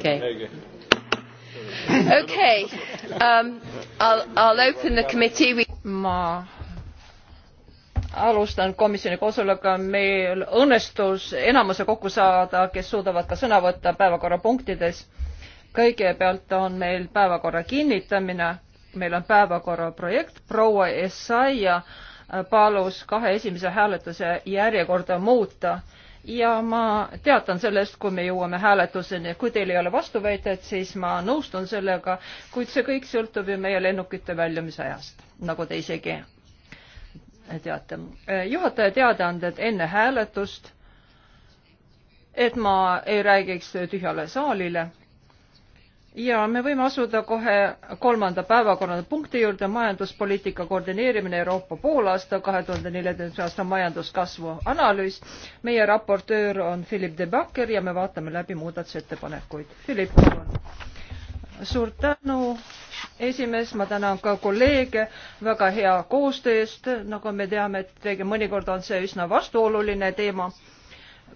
Okay. Okay. Um, I'll, I'll open the committee. We... ma alustan komisjoni koosolekuga. meil õnnestus enamuse kokku saada, kes suudavad ka sõna võtta päevakorrapunktides. kõigepealt on meil päevakorra kinnitamine. meil on päevakorra projekt. proua Essaia palus kahe esimese hääletuse järjekorda muuta ja ma teatan sellest, kui me jõuame hääletuseni. kui teil ei ole vastuväidet, siis ma nõustun sellega, kuid see kõik sõltub ju meie lennukite väljumise ajast, nagu te isegi teate. juhataja teadaanded enne hääletust, et ma ei räägiks tühjale saalile ja me võime asuda kohe kolmanda päevakorrapunkti juurde, majanduspoliitika koordineerimine Euroopa poolaasta, kahe tuhande neljateistkümnenda aasta majanduskasvu analüüs. meie raportöör on Philip de Backer ja me vaatame läbi muudatusettepanekuid. Philip, palun. suur tänu, esimees, ma tänan ka kolleege väga hea koostöö eest, nagu me teame, et mõnikord on see üsna vastuoluline teema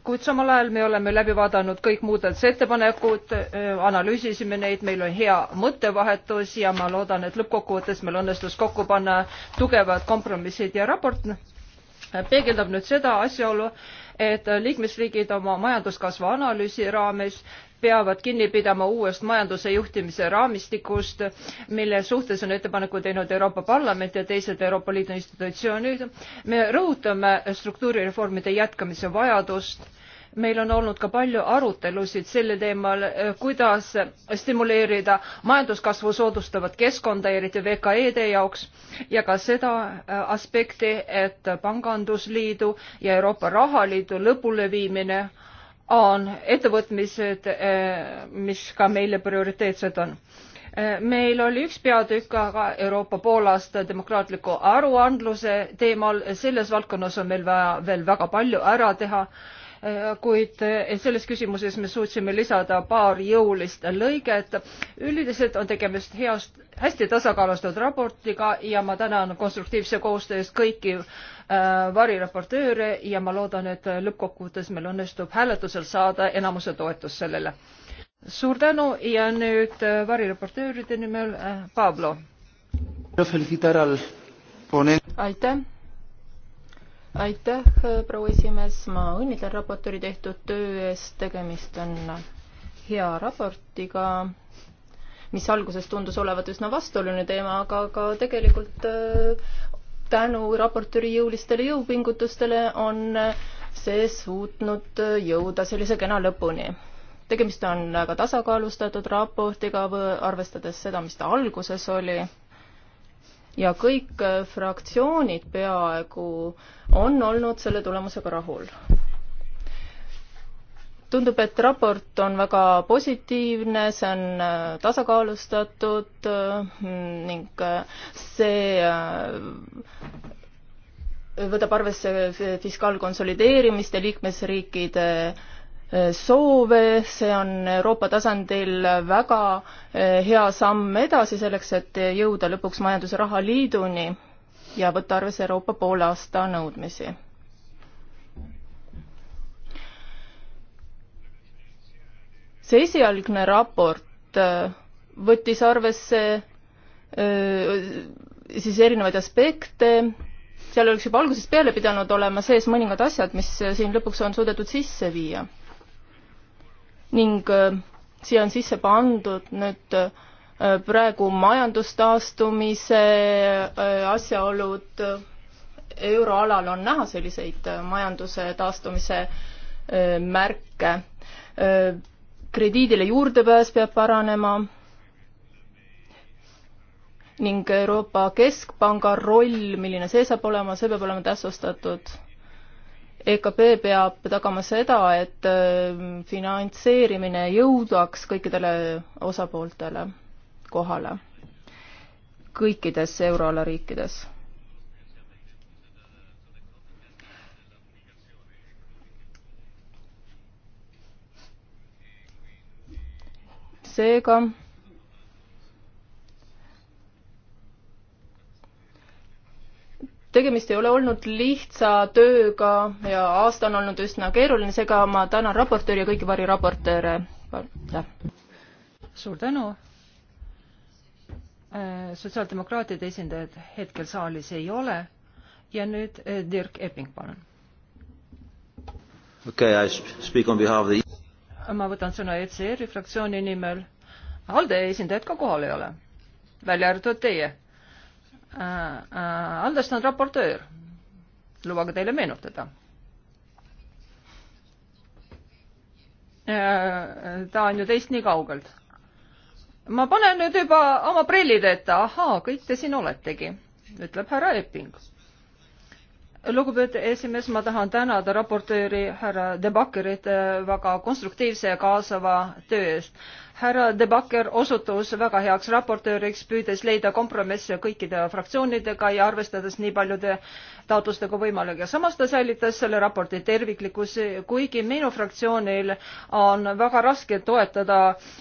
kuid samal ajal me oleme läbi vaadanud kõik muudatusettepanekud, äh, analüüsisime neid, meil on hea mõttevahetus ja ma loodan, et lõppkokkuvõttes meil õnnestus kokku panna tugevad kompromissid ja raport noh, peegeldab nüüd seda asjaolu, et liikmesriigid oma majanduskasvu analüüsi raames peavad kinni pidama uuest majanduse juhtimise raamistikust, mille suhtes on ettepaneku teinud Euroopa Parlament ja teised Euroopa Liidu institutsioonid. me rõhutame struktuurireformide jätkamise vajadust meil on olnud ka palju arutelusid selle teemal, kuidas stimuleerida majanduskasvu soodustavat keskkonda, eriti VKE-de jaoks, ja ka seda äh, aspekti, et Pangandusliidu ja Euroopa Rahaliidu lõpuleviimine on ettevõtmised, eh, mis ka meile prioriteetsed on. Eh, meil oli üks peatükk aga Euroopa poolaasta demokraatliku aruandluse teemal, selles valdkonnas on meil vaja veel väga palju ära teha kuid selles küsimuses me suutsime lisada paar jõulist lõiget. üldiselt on tegemist heast, hästi tasakaalustatud raportiga ja ma tänan konstruktiivse koostöö eest kõiki äh, variraportööre ja ma loodan, et lõppkokkuvõttes meil õnnestub hääletusel saada enamuse toetus sellele. suur tänu ja nüüd äh, variraportööride nimel äh, Pablo. aitäh aitäh, proua esimees, ma õnnitlen raportööri tehtud töö eest, tegemist on hea raportiga, mis alguses tundus olevat üsna vastuoluline teema, aga ka tegelikult äh, tänu raportööri jõulistele jõupingutustele on see suutnud jõuda sellise kena lõpuni. tegemist on väga tasakaalustatud raportiga, arvestades seda, mis ta alguses oli ja kõik äh, fraktsioonid peaaegu on olnud selle tulemusega rahul. tundub, et raport on väga positiivne, see on äh, tasakaalustatud äh, ning see võtab arvesse fiskaalkonsolideerimist ja liikmesriikide soove, see on Euroopa tasandil väga eh, hea samm edasi selleks, et jõuda lõpuks majandus- ja rahaliiduni ja võtta arvesse Euroopa poole aasta nõudmisi. see esialgne raport eh, võttis arvesse eh, siis erinevaid aspekte, seal oleks juba algusest peale pidanud olema sees mõningad asjad, mis siin lõpuks on suudetud sisse viia ning äh, siia on sisse pandud nüüd äh, praegu majandustaastumise äh, asjaolud, euroalal on näha selliseid majanduse taastumise märke. krediidile juurdepääs peab paranema ning Euroopa Keskpanga roll, milline see saab olema, see peab olema täpsustatud EKP peab tagama seda, et äh, finantseerimine jõudaks kõikidele osapooltele kohale kõikides euroala riikides seega tegemist ei ole olnud lihtsa tööga ja aasta on olnud üsna keeruline, seega ma tänan raportööri ja kõiki variraportööre. suur tänu. Äh, sotsiaaldemokraatide esindajad hetkel saalis ei ole ja nüüd äh, Dirk Epping, palun. okei okay,, I speak on behalf of the ma võtan sõna ECR-i fraktsiooni nimel. ALDE esindajad ka kohal ei ole, välja arvatud teie Äh, äh, Andres on raportöör. lubage teile meenutada. Äh, ta on ju teist nii kaugelt. ma panen nüüd juba oma prillid ette, ahaa, kõik te siin oletegi, ütleb härra Epping. lugupeetud esimees, ma tahan tänada raportööri härra Debakkerit väga konstruktiivse ja kaasava töö eest härra De Backer osutus väga heaks raportööriks, püüdes leida kompromisse kõikide fraktsioonidega ja arvestades nii paljude taotlustega võimalik ja samas ta säilitas selle raporti terviklikkuse, kuigi minu fraktsioonil on väga raske toetada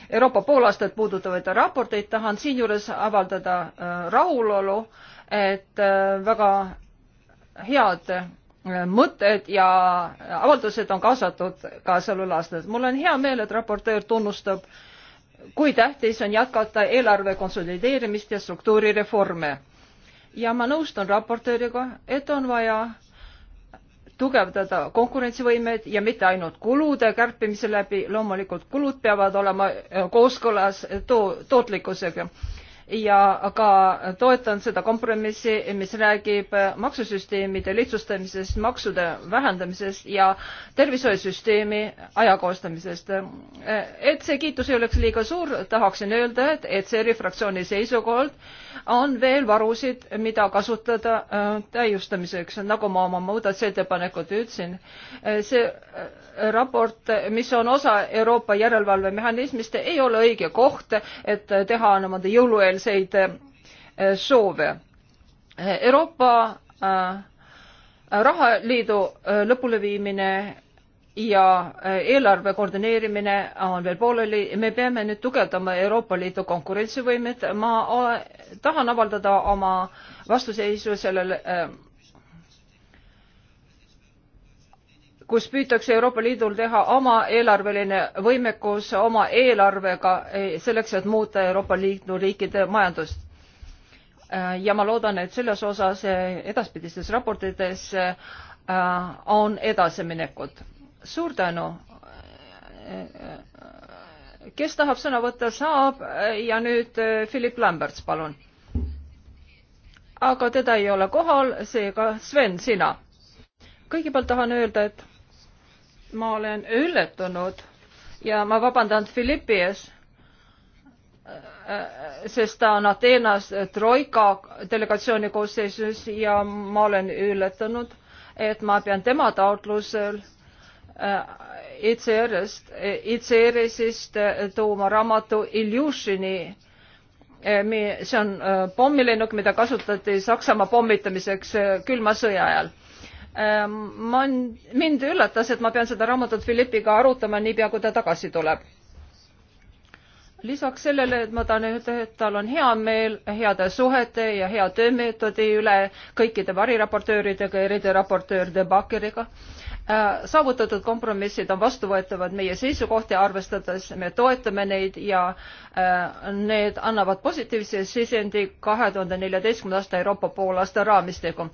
Euroopa poolaastat puudutavaid raporteid, tahan siinjuures avaldada äh, rahulolu, et äh, väga head äh, mõtted ja avaldused on kaasatud ka sellel aastal. mul on hea meel, et raportöör tunnustab äh, kui tähtis on jätkata eelarve konsolideerimist ja struktuurireforme. ja ma nõustun raportööriga, et on vaja tugevdada konkurentsivõimet ja mitte ainult kulude kärpimise läbi, loomulikult kulud peavad olema kooskõlas to tootlikkusega ja ka toetan seda kompromissi, mis räägib maksusüsteemide lihtsustamisest, maksude vähendamisest ja tervishoiusüsteemi ajakoostamisest. et see kiitus ei oleks liiga suur, tahaksin öelda, et ECR-i fraktsiooni seisukohalt on veel varusid, mida kasutada äh, täiustamiseks, nagu ma oma muudatusettepanekut ütlesin. Äh, see äh, raport, mis on osa Euroopa järelevalvemehhanismist, ei ole õige koht, et teha niimoodi jõulueelseid eh, soove. Euroopa eh, rahaliidu eh, lõpuleviimine ja eelarve koordineerimine on veel pooleli, me peame nüüd tugevdama Euroopa Liidu konkurentsivõimet, ma tahan avaldada oma vastuseisu sellele äh, kus püütakse Euroopa Liidul teha oma eelarveline võimekus oma eelarvega e, selleks, et muuta Euroopa Liidu riikide majandust. Äh, ja ma loodan, et selles osas e, edaspidistes raportites e, on edasiminekut. suur tänu. kes tahab sõna võtta, saab ja nüüd Philip Lamberts, palun. aga teda ei ole kohal, seega Sven, sina kõigepealt tahan öelda, et ma olen üllatunud ja ma vabandan Philippi ees, sest ta on Ateenas Troika delegatsiooni koosseisus ja ma olen üllatunud, et ma pean tema taotlusel äh, ICR-ist, ICR-ist äh, tooma raamatu Iljushini äh, see on pommilennuk, mida kasutati Saksamaa pommitamiseks külma sõja ajal Ähm, man-, mind üllatas, et ma pean seda raamatut Philippiga arutama niipea, kui ta tagasi tuleb. lisaks sellele, et ma tahan öelda, et tal on hea meel heade suhete ja hea töömeetodi üle kõikide variraportööridega, eriti raportööride Bakeriga, äh, saavutatud kompromissid on vastuvõetavad meie seisukohti arvestades, me toetame neid ja äh, need annavad positiivse sisendi kahe tuhande neljateistkümnenda aasta Euroopa poolaasta raamistikku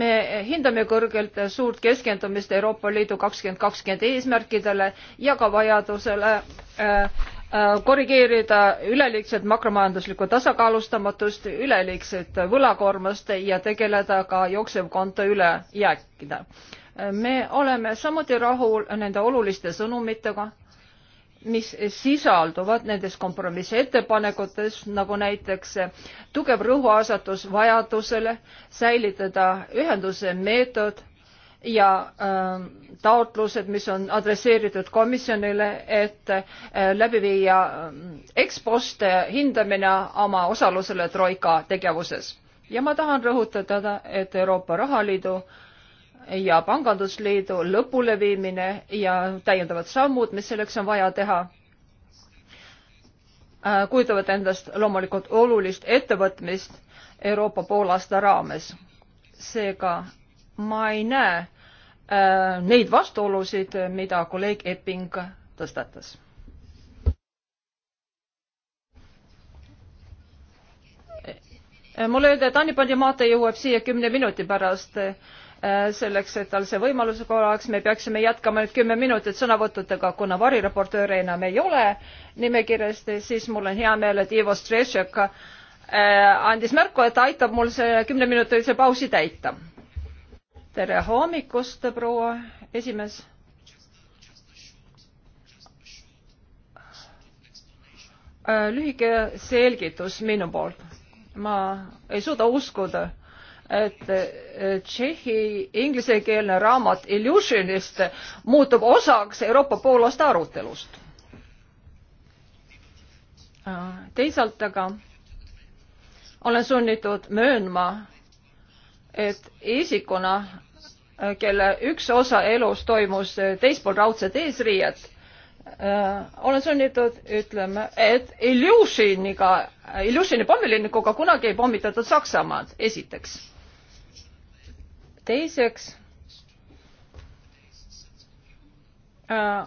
me hindame kõrgelt suurt keskendumist Euroopa Liidu kakskümmend kakskümmend eesmärkidele ja ka vajadusele äh, äh, korrigeerida üleliigset makromajanduslikku tasakaalustamatust, üleliigset võlakoormust ja tegeleda ka jooksevkonto ülejääkidega. Äh, me oleme samuti rahul nende oluliste sõnumitega mis sisalduvad nendes kompromissettepanekutes, nagu näiteks tugev rõhuasetus vajadusele säilitada ühenduse meetod ja äh, taotlused, mis on adresseeritud komisjonile, et äh, läbi viia äh, ekspost hindamine oma osalusele Troika tegevuses. ja ma tahan rõhutada, et Euroopa Rahaliidu äh, ja pangandusliidu lõpuleviimine ja täiendavad sammud, mis selleks on vaja teha, äh, kujutavad endast loomulikult olulist ettevõtmist Euroopa poolaasta raames. seega ma ei näe äh, neid vastuolusid, mida kolleeg Epping tõstatas. mulle öeldi, et Anipandi maate jõuab siia kümne minuti pärast Äh, selleks et tal see võimalus oleks me peaksime jätkama nüüd kümme minutit sõnavõttudega kuna variraportööre enam ei ole nimekirjas siis mul on hea meel et ivo strejek äh, andis märku et ta aitab mul selle kümneminutilise pausi täita tere hommikust proua esimees äh, lühike selgitus minu poolt ma ei suuda uskuda et Tšehhi inglisekeelne raamat Illusionist muutub osaks Euroopa poolaasta arutelust. teisalt aga olen sunnitud möönma, et isikuna, kelle üks osa elus toimus teispool raudset eesriiet, olen sunnitud ütlema, et Illusioniga, Illusioni pommilinnakuga kunagi ei pommitatud Saksamaad, esiteks teiseks äh,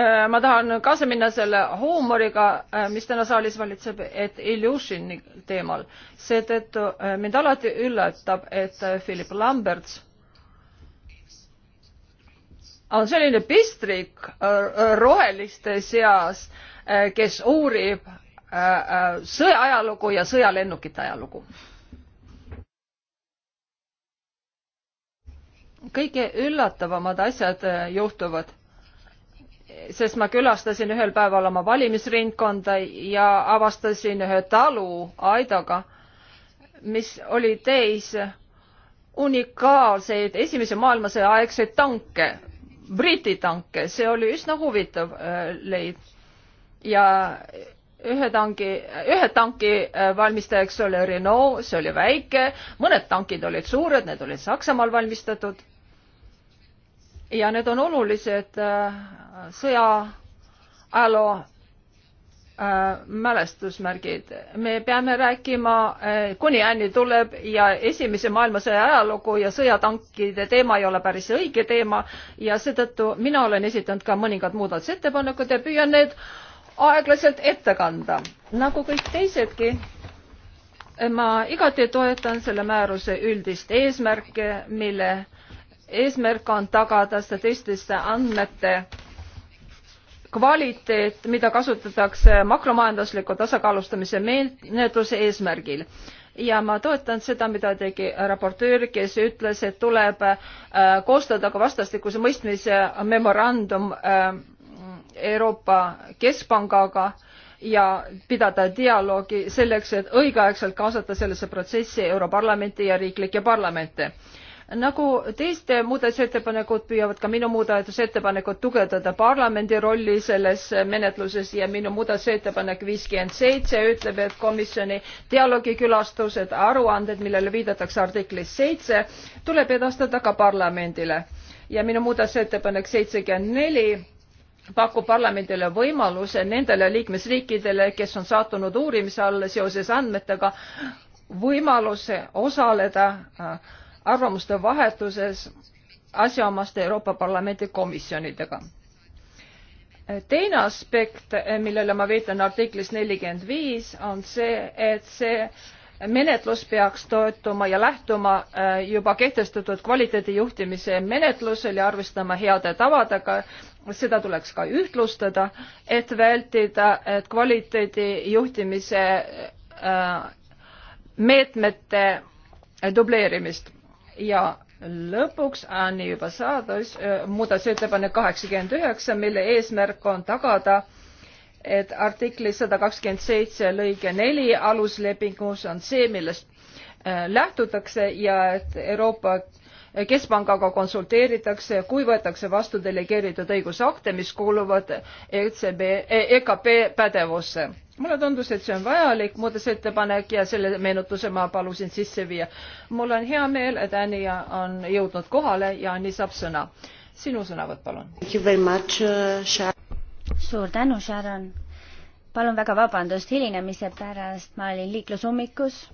äh, ma tahan kaasa minna selle huumoriga, äh, mis täna saalis valitseb, et Iljushini teemal. seetõttu äh, mind alati üllatab, et Philip Lamberts on selline pistrik roheliste seas, kes uurib sõja ajalugu ja sõjalennukite ajalugu kõige üllatavamad asjad äh, juhtuvad. sest ma külastasin ühel päeval oma valimisringkonda ja avastasin ühe talu aidaga, mis oli täis unikaalseid esimese maailmasõja aegseid tanke, Briti tanke, see oli üsna huvitav äh, leid. ja ühe tangi, ühe tanki äh, valmistajaks oli Renault, see oli väike, mõned tankid olid suured, need olid Saksamaal valmistatud ja need on olulised äh, sõja ajaloo äh, mälestusmärgid. me peame rääkima, äh, kuni Anni tuleb ja Esimese maailmasõja ajalugu ja sõjatankide teema ei ole päris õige teema ja seetõttu mina olen esitanud ka mõningad muudatusettepanekud ja püüan need aeglaselt ette kanda. nagu kõik teisedki, ma igati toetan selle määruse üldist eesmärki, mille äh, eesmärk on tagada statistiliste andmete kvaliteet mida kasutatakse makromajandusliku tasakaalustamise menetluse eesmärgil ja ma toetan seda mida tegi raportöör kes ütles et tuleb äh, koostada ka vastastikuse mõistmise memorandum äh, euroopa keskpangaga ja pidada dialoogi selleks et õigeaegselt kaasata sellesse protsessi europarlamenti ja riiklikke parlamente nagu teiste muudatusettepanekud püüavad ka minu muudatusettepanekud tugevdada parlamendi rolli selles menetluses ja minu muudatusettepanek ütleb et komisjoni dialoogikülastused aruanded millele viidatakse artiklis tuleb edastada ka parlamendile ja minu muudatusettepanek pakub parlamendile võimaluse nendele liikmesriikidele kes on sattunud uurimise alla seoses andmetega võimaluse osaleda äh, arvamuste vahetuses asjaomaste Euroopa Parlamendi komisjonidega. teine aspekt, millele ma viitan artiklis nelikümmend viis, on see, et see menetlus peaks toetuma ja lähtuma äh, juba kehtestatud kvaliteedijuhtimise menetlusel ja arvestama heade tavadega. seda tuleks ka ühtlustada, et vältida, et kvaliteedijuhtimise äh, meetmete dubleerimist ja lõpuks on juba saada äh, muudatusettepanek kaheksakümmend üheksa, mille eesmärk on tagada, et artikli sada kakskümmend seitse lõige neli aluslepingus on see, millest äh, lähtutakse ja et Euroopa Keskpangaga konsulteeritakse, kui võetakse vastu delegeeritud õigusakte, mis kuuluvad ECB, EKP pädevusse mulle tundus, et see on vajalik muudatusettepanek ja selle meenutuse ma palusin sisse viia. mul on hea meel, et Anja on jõudnud kohale ja Anni saab sõna. sinu sõnavõtt, palun. Uh, suur tänu, Sharon. palun väga vabandust hilinemise pärast, ma olin liiklusummikus.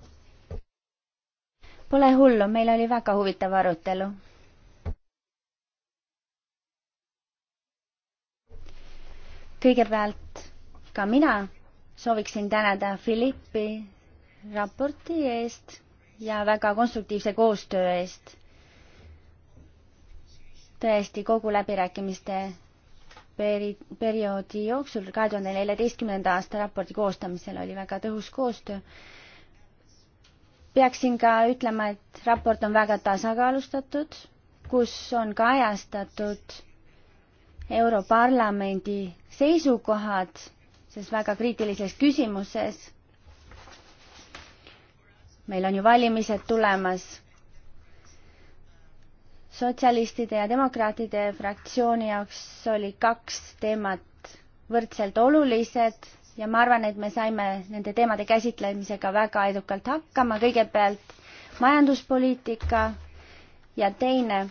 Pole hullu, meil oli väga huvitav arutelu kõigepealt ka mina sooviksin tänada Philippi raporti eest ja väga konstruktiivse koostöö eest. tõesti, kogu läbirääkimiste peri-, perioodi jooksul, kahe tuhande neljateistkümnenda aasta raporti koostamisel oli väga tõhus koostöö. peaksin ka ütlema, et raport on väga tasakaalustatud, kus on kajastatud Europarlamendi seisukohad selles väga kriitilises küsimuses. meil on ju valimised tulemas. sotsialistide ja demokraatide fraktsiooni jaoks oli kaks teemat võrdselt olulised ja ma arvan, et me saime nende teemade käsitlemisega väga edukalt hakkama. kõigepealt majanduspoliitika ja teine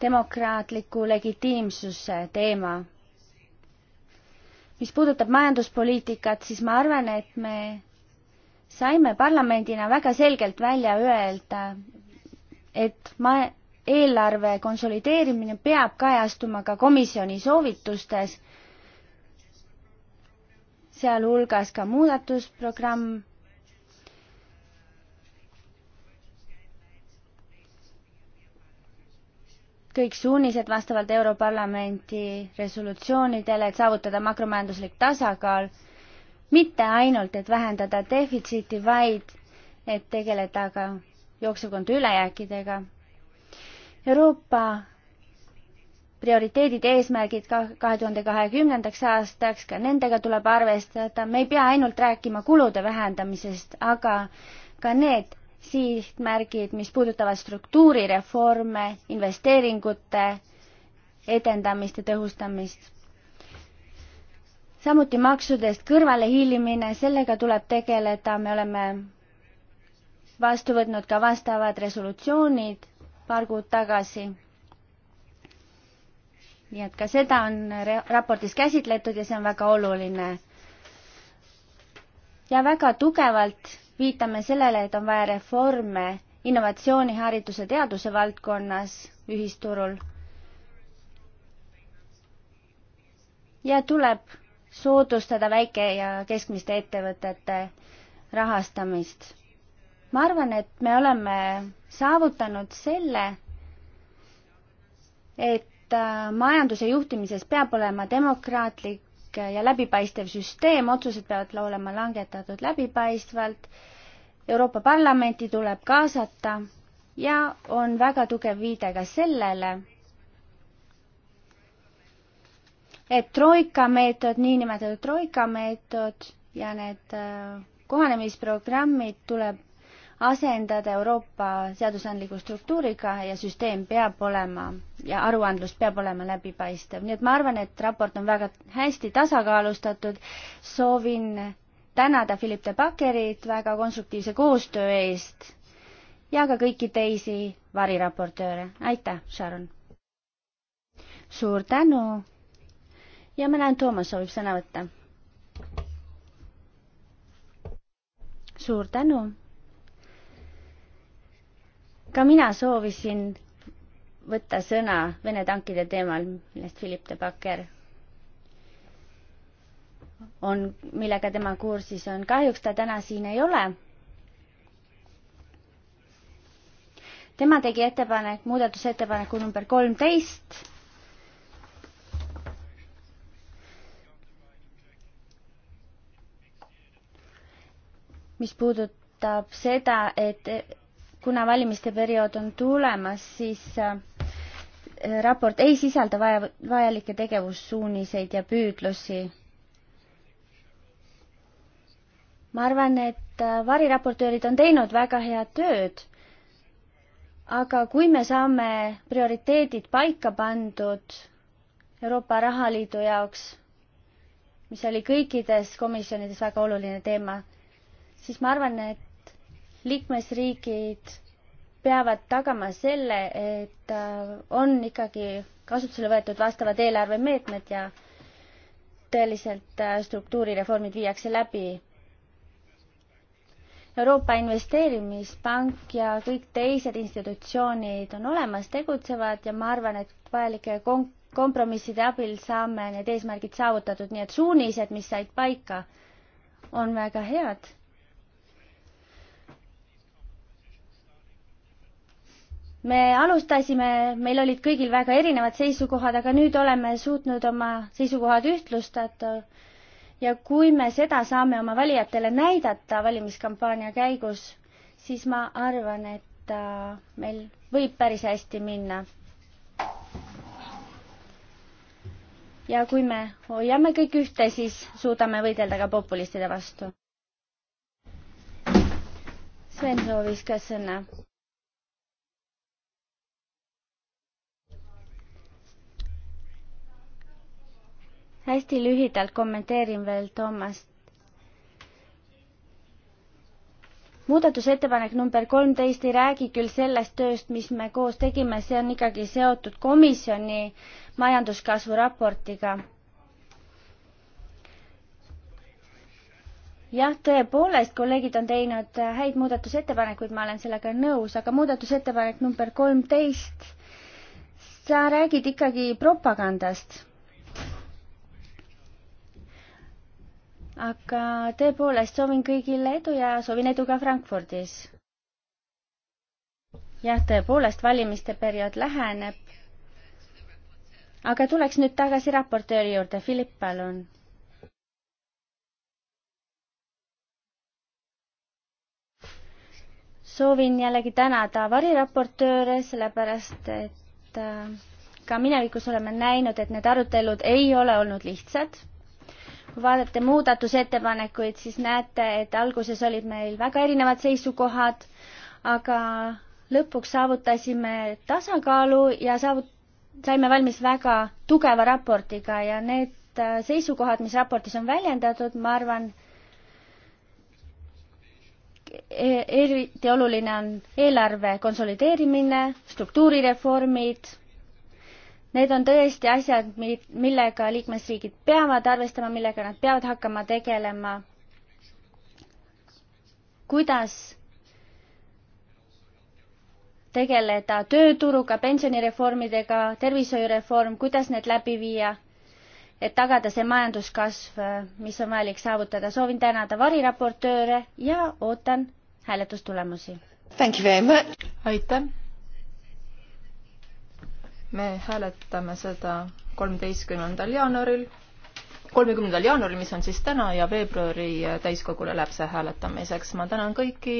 demokraatliku legitiimsuse teema mis puudutab majanduspoliitikat, siis ma arvan, et me saime parlamendina väga selgelt välja öelda, et ma-, eelarve konsolideerimine peab kajastuma ka komisjoni soovitustes, sealhulgas ka muudatusprogramm kõik suunised vastavalt Europarlamenti resolutsioonidele, et saavutada makromajanduslik tasakaal, mitte ainult, et vähendada defitsiiti, vaid et tegeleda ka jooksevkonda ülejääkidega. Euroopa prioriteedid, eesmärgid ka kahe tuhande kahekümnendaks aastaks, ka nendega tuleb arvestada, me ei pea ainult rääkima kulude vähendamisest, aga ka need sihtmärgid, mis puudutavad struktuurireforme, investeeringute edendamist ja tõhustamist samuti maksudest kõrvalehiilimine, sellega tuleb tegeleda, me oleme vastu võtnud ka vastavad resolutsioonid paar kuud tagasi. nii et ka seda on raportis käsitletud ja see on väga oluline. ja väga tugevalt viitame sellele, et on vaja reforme innovatsiooni, hariduse, teaduse valdkonnas ühisturul. ja tuleb soodustada väike- ja keskmiste ettevõtete rahastamist. ma arvan, et me oleme saavutanud selle, et äh, majanduse juhtimises peab olema demokraatlik paindlik äh, ja läbipaistev süsteem, otsused peavad olema langetatud läbipaistvalt, Euroopa Parlamenti tuleb kaasata ja on väga tugev viide ka sellele, et troika meetod, niinimetatud troika meetod ja need äh, kohanemisprogrammid tuleb asendada Euroopa seadusandliku struktuuriga ja süsteem peab olema ja aruandlus peab olema läbipaistev. nii et ma arvan, et raport on väga hästi tasakaalustatud. soovin tänada Philip de Bakkerit väga konstruktiivse koostöö eest ja ka kõiki teisi variraportööre. aitäh, Sharon! suur tänu! ja ma näen, Toomas soovib sõna võtta. suur tänu! ka mina soovisin võtta sõna Vene tankide teemal, millest Philipp de Backer on, millega tema kursis on. kahjuks ta täna siin ei ole. tema tegi ettepanek, muudatusettepaneku number kolmteist mis puudutab seda, et kuna valimiste periood on tulemas, siis äh, raport ei sisalda vaja, vajalikke tegevussuuniseid ja püüdlusi. ma arvan, et äh, variraportöörid on teinud väga head tööd, aga kui me saame prioriteedid paika pandud Euroopa Rahaliidu jaoks, mis oli kõikides komisjonides väga oluline teema, siis ma arvan, et liikmesriigid peavad tagama selle, et äh, on ikkagi kasutusele võetud vastavad eelarvemeetmed ja tõeliselt äh, struktuurireformid viiakse läbi. Euroopa Investeerimispank ja kõik teised institutsioonid on olemas, tegutsevad ja ma arvan, et vajalike kompromisside abil saame need eesmärgid saavutatud, nii et suunised, mis said paika, on väga head me alustasime, meil olid kõigil väga erinevad seisukohad, aga nüüd oleme suutnud oma seisukohad ühtlustada. ja kui me seda saame oma valijatele näidata valimiskampaania käigus, siis ma arvan, et äh, meil võib päris hästi minna. ja kui me hoiame kõik ühte, siis suudame võidelda ka populistide vastu. Sven soovis ka sõna hästi lühidalt kommenteerin veel Toomast. muudatusettepanek number kolmteist ei räägi küll sellest tööst, mis me koos tegime, see on ikkagi seotud komisjoni majanduskasvu raportiga. jah, tõepoolest, kolleegid on teinud häid muudatusettepanekuid, ma olen sellega nõus, aga muudatusettepanek number kolmteist, sa räägid ikkagi propagandast aga tõepoolest soovin kõigile edu ja soovin edu ka Frankfurdis. jah, tõepoolest valimiste periood läheneb. aga tuleks nüüd tagasi raportööri juurde, Philipp, palun. soovin jällegi tänada variraportööre, sellepärast et äh, ka minevikus oleme näinud, et need arutelud ei ole olnud lihtsad kui vaadata muudatusettepanekuid, siis näete, et alguses olid meil väga erinevad seisukohad, aga lõpuks saavutasime tasakaalu ja saavut-, saime valmis väga tugeva raportiga ja need äh, seisukohad, mis raportis on väljendatud, ma arvan, e-, eriti oluline on eelarve konsolideerimine, struktuurireformid Need on tõesti asjad, millega liikmesriigid peavad arvestama, millega nad peavad hakkama tegelema. kuidas tegeleda tööturuga, pensionireformidega, tervishoiureform, kuidas need läbi viia, et tagada see majanduskasv, mis on vajalik saavutada. soovin tänada variraportööre ja ootan hääletustulemusi. aitäh! me hääletame seda kolmeteistkümnendal jaanuaril, kolmekümnendal jaanuaril, mis on siis täna ja veebruari täiskogule läheb see hääletamiseks. ma tänan kõiki,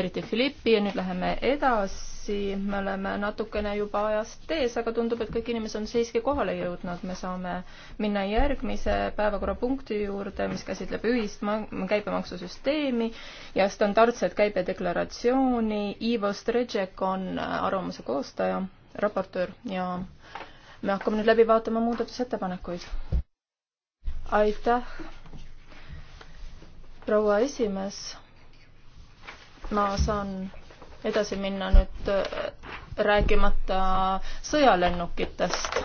eriti Philippi ja nüüd läheme edasi. me oleme natukene juba ajast ees, aga tundub, et kõik inimesed on siiski kohale jõudnud. me saame minna järgmise päevakorrapunkti juurde, mis käsitleb ühist käibemaksusüsteemi ja standardset käibedeklaratsiooni. Ivo Stredžek on arvamuse koostaja raportöör ja me hakkame nüüd läbi vaatama muudatusettepanekuid. aitäh, proua esimees. ma saan edasi minna nüüd äh, rääkimata sõjalennukitest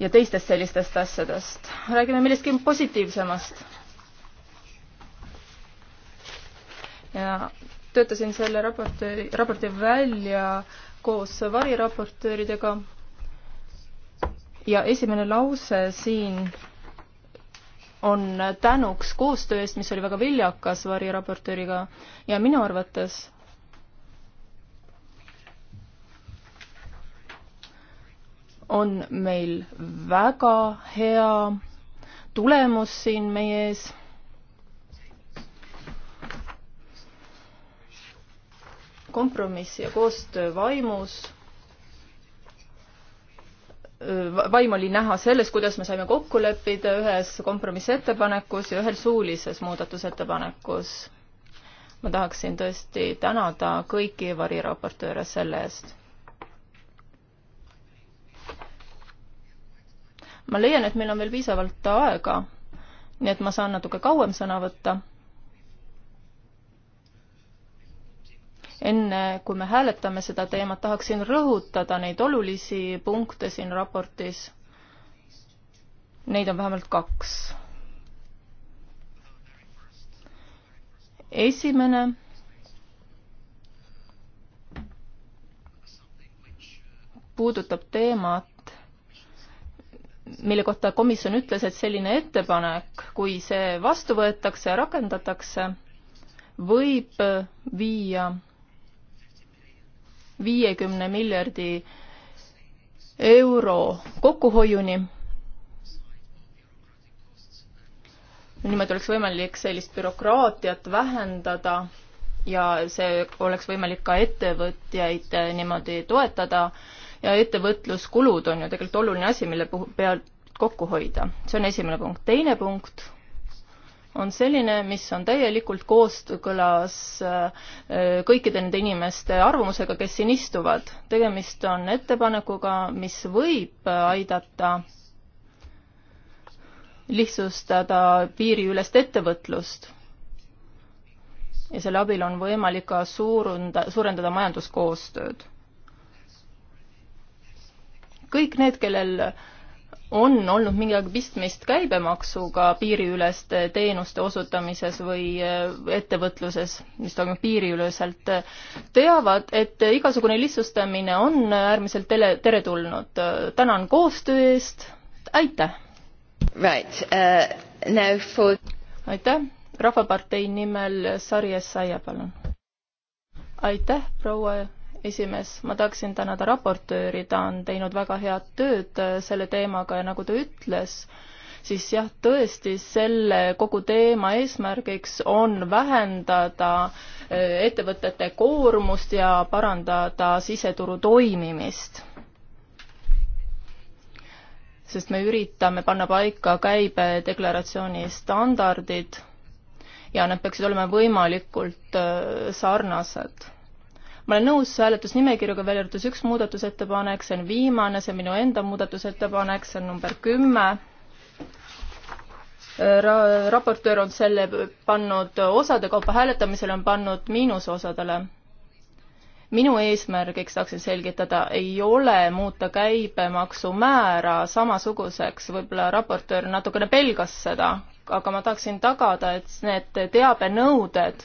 ja teistest sellistest asjadest. räägime millestki positiivsemast. ja töötasin selle raporti, raporti välja koos variraportööridega ja esimene lause siin on tänuks koostöö eest, mis oli väga viljakas variraportööriga ja minu arvates on meil väga hea tulemus siin meie ees kompromissi ja koostöö vaimus. vaim oli näha selles, kuidas me saime kokku leppida ühes kompromissettepanekus ja ühel suulises muudatusettepanekus. ma tahaksin tõesti tänada kõiki variraportööre selle eest. ma leian, et meil on veel piisavalt aega, nii et ma saan natuke kauem sõna võtta enne kui me hääletame seda teemat, tahaksin rõhutada neid olulisi punkte siin raportis. Neid on vähemalt kaks. esimene puudutab teemat, mille kohta komisjon ütles, et selline ettepanek, kui see vastu võetakse ja rakendatakse, võib viia viiekümne miljardi euro kokkuhoiuni. niimoodi oleks võimalik sellist bürokraatiat vähendada ja see oleks võimalik ka ettevõtjaid äh, niimoodi toetada ja ettevõtluskulud on ju tegelikult oluline asi, mille puhul pealt kokku hoida. see on esimene punkt. teine punkt on selline, mis on täielikult kooskõlas äh, kõikide nende inimeste arvamusega, kes siin istuvad. tegemist on ettepanekuga, mis võib aidata lihtsustada piiriülest ettevõtlust. ja selle abil on võimalik ka suurunda, suurendada majanduskoostööd. kõik need, kellel on olnud midagi pistmist käibemaksuga piiriüleste teenuste osutamises või äh, ettevõtluses, mis toimub piiriüleselt, teavad, et igasugune lihtsustamine on äärmiselt tele, teretulnud. tänan koostöö eest, aitäh! Right uh,, now for aitäh, Rahvapartei nimel Sari Essaia, palun! aitäh, proua esimees, ma tahaksin tänada raportööri, ta on teinud väga head tööd äh, selle teemaga ja nagu ta ütles, siis jah, tõesti selle kogu teema eesmärgiks on vähendada äh, ettevõtete koormust ja parandada siseturu toimimist. sest me üritame panna paika käibedeklaratsiooni standardid ja need peaksid olema võimalikult äh, sarnased ma olen nõus hääletusnimekirjaga, välja arvatud üks muudatusettepanek, see on viimane, see on minu enda muudatusettepanek, see on number kümme ra-, raportöör on selle pannud osade kaupa hääletamisele, on pannud miinusosadele. minu eesmärgiks, tahaksin selgitada, ei ole muuta käibemaksumäära samasuguseks, võib-olla raportöör natukene pelgas seda, aga ma tahaksin tagada, et need teabenõuded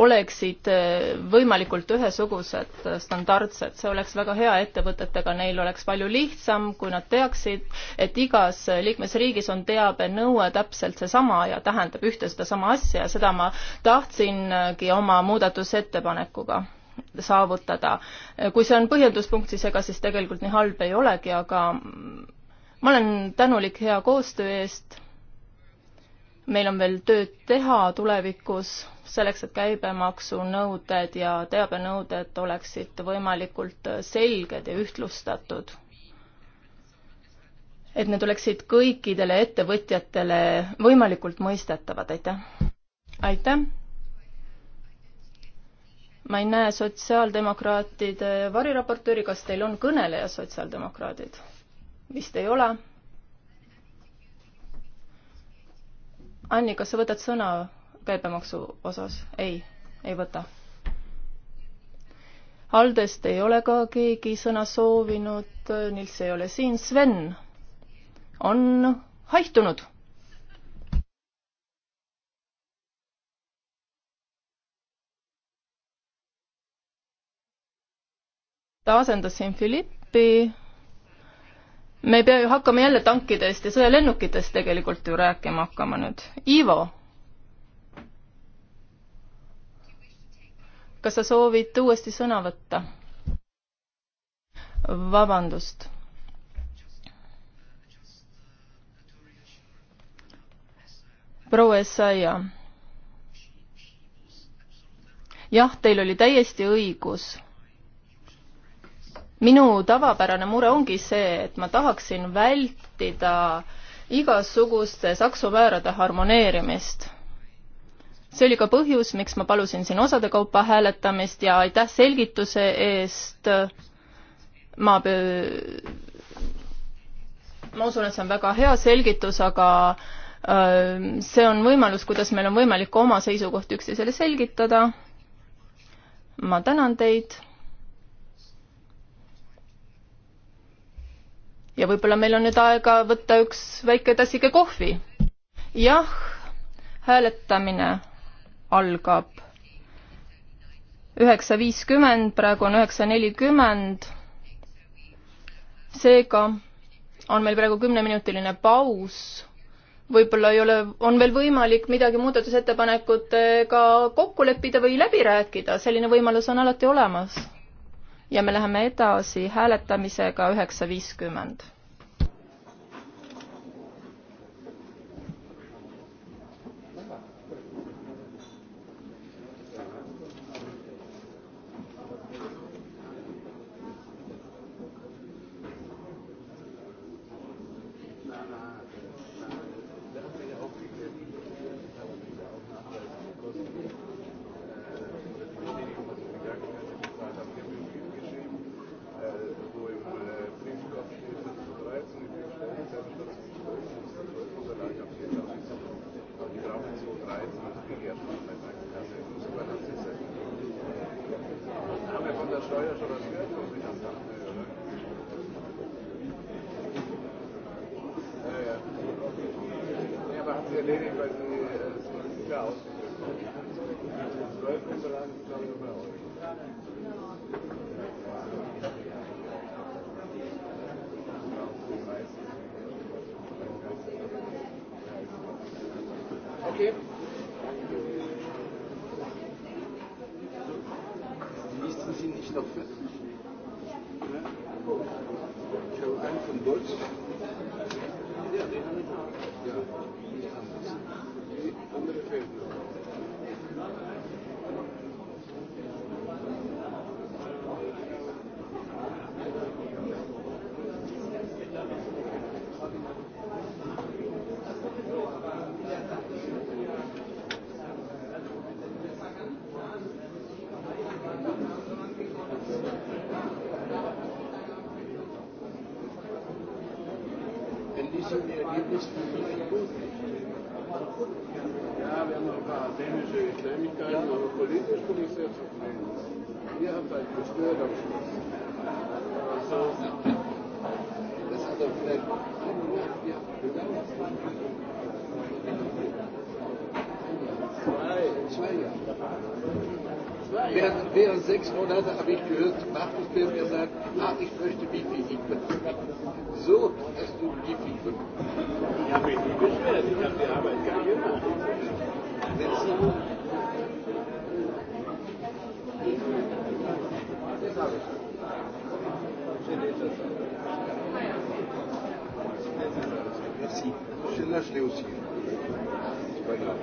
oleksid eh, võimalikult ühesugused, standardsed. see oleks väga hea ettevõtetega, neil oleks palju lihtsam, kui nad teaksid, et igas liikmesriigis on teabenõue täpselt seesama ja tähendab ühte sedasama asja ja seda ma tahtsingi oma muudatusettepanekuga saavutada. kui see on põhjenduspunkt, siis ega siis tegelikult nii halb ei olegi, aga ma olen tänulik hea koostöö eest. meil on veel tööd teha tulevikus selleks, et käibemaksunõuded ja teabenõuded oleksid võimalikult selged ja ühtlustatud. et need oleksid kõikidele ettevõtjatele võimalikult mõistetavad, aitäh. aitäh. ma ei näe sotsiaaldemokraatide variraportööri, kas teil on kõneleja sotsiaaldemokraadid? vist ei ole. Anni, kas sa võtad sõna? käibemaksu osas? ei, ei võta. Aldest ei ole ka keegi sõna soovinud, Nils ei ole siin, Sven on haihtunud. ta asendas siin Philippi me ei pea ju hakkama jälle tankidest ja sõjalennukitest tegelikult ju rääkima hakkama nüüd. Ivo kas sa soovid uuesti sõna võtta? vabandust. proua Essaia. jah, teil oli täiesti õigus. minu tavapärane mure ongi see, et ma tahaksin vältida igasuguste saksumäärade harmoneerimist see oli ka põhjus, miks ma palusin siin osade kaupa hääletamist ja aitäh selgituse eest. ma, ma usun, et see on väga hea selgitus, aga ähm, see on võimalus, kuidas meil on võimalik oma seisukohti üksteisele selgitada. ma tänan teid. ja võib-olla meil on nüüd aega võtta üks väike tassike kohvi. jah, hääletamine algab üheksa viiskümmend, praegu on üheksa nelikümmend. seega on meil praegu kümneminutiline paus. võib-olla ei ole, on veel võimalik midagi muudatusettepanekutega kokku leppida või läbi rääkida, selline võimalus on alati olemas. ja me läheme edasi hääletamisega üheksa viiskümmend Ja, wir haben noch ein paar dänische Kleinigkeiten, ja. aber politisch bin ich sehr zufrieden. Ihr habt euch gestört am Schluss. Also, das hat doch vielleicht. Ja, zwei. Zwei Jahre. Während, während sechs Monate habe ich gehört, Markus Berg gesagt, ah, ich möchte Bifi hippen. So hast du Bifi hippen. Ich habe mich nie beschwert, ich habe die Arbeit gar gemacht. Merci. Merci. Je lâche les aussi. C'est pas grave.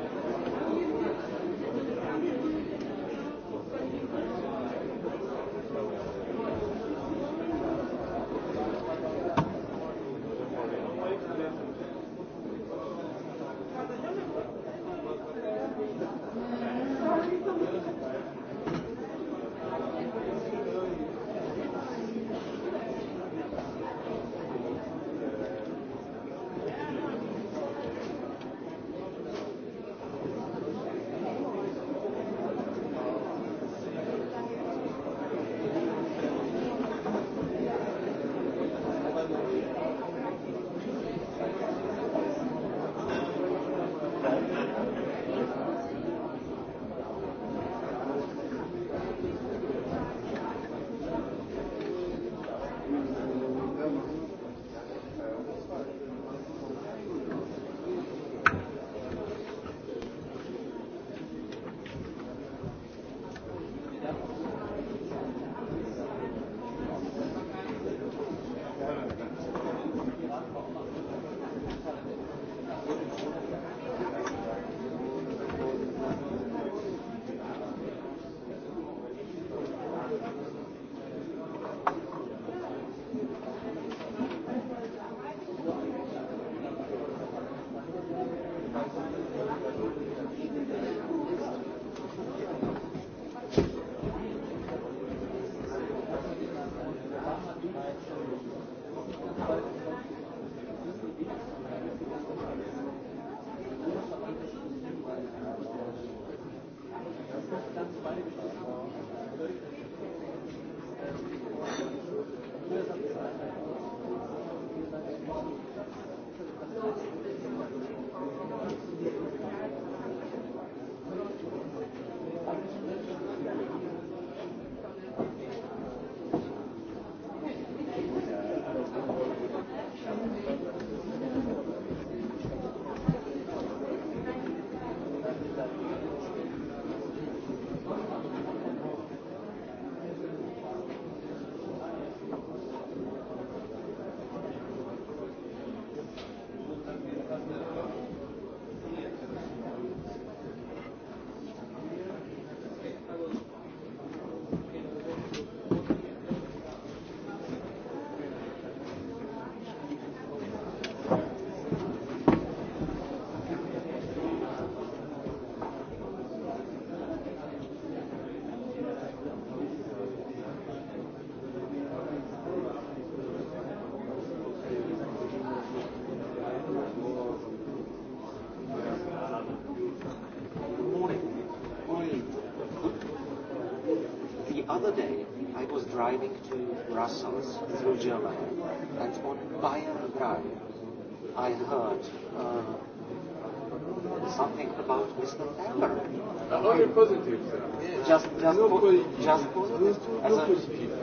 about Mr. Taylor. Only positive, sir. Just, just, no po- positive. just positive. As a,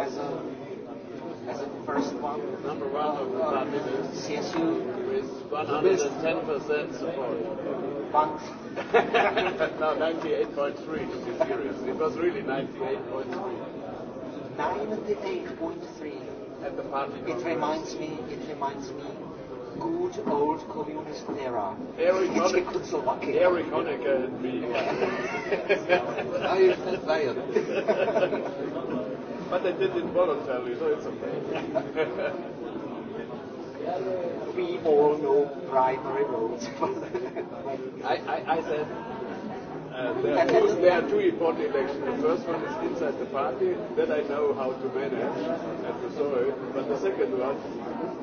as a, as a first one. Number one of the prime minister. CSU. With 110% support. Thanks. no, 98.3 to be serious. It was really 98.3. 98.3. At the party. It reminds me. It reminds me good old communist era. Eric Honecker. Eric Honecker had been. Yeah. I used that veil. But I did it voluntarily, so it's okay. we all know primary roads. I, I, I said Uh, there, are two, there are two important elections. The first one is inside the party, that I know how to manage and to solve. But the second one,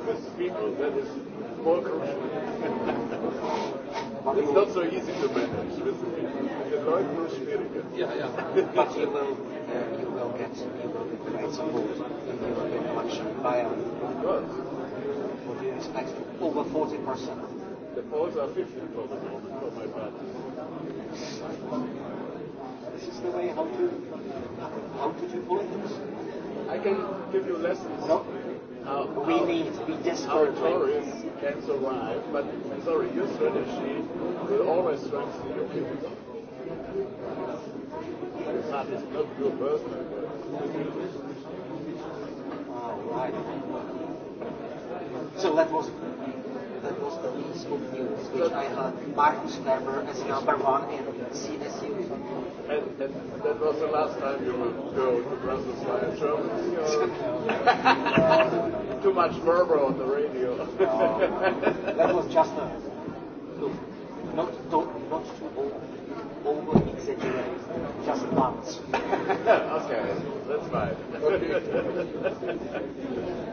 with people, that is Ballroom. It's not so easy to manage, wissen Sie. Mit den Leuten ist schwieriger. Ja, ja. But you will, uh, you will get, you will get the right support in the European election by a... Of course. What do you expect? Over 40%. The polls are 50 for the moment for my party. This is the way how to, how to do politics. I can give you lessons. No. Uh, we need to be desperate. Auditorium can survive, but sorry, your strategy will always strengthen your people. It's not, it's not your personal work. All right. So that was that was the least good news, which I had Martin Schleber as number one and CSU. And, and that was the last time you would go to Brussels via Germany? Or... Too much murmur on the radio. no, that was just a look. Not, don't, not too old over exaggerate just once. okay, that's fine.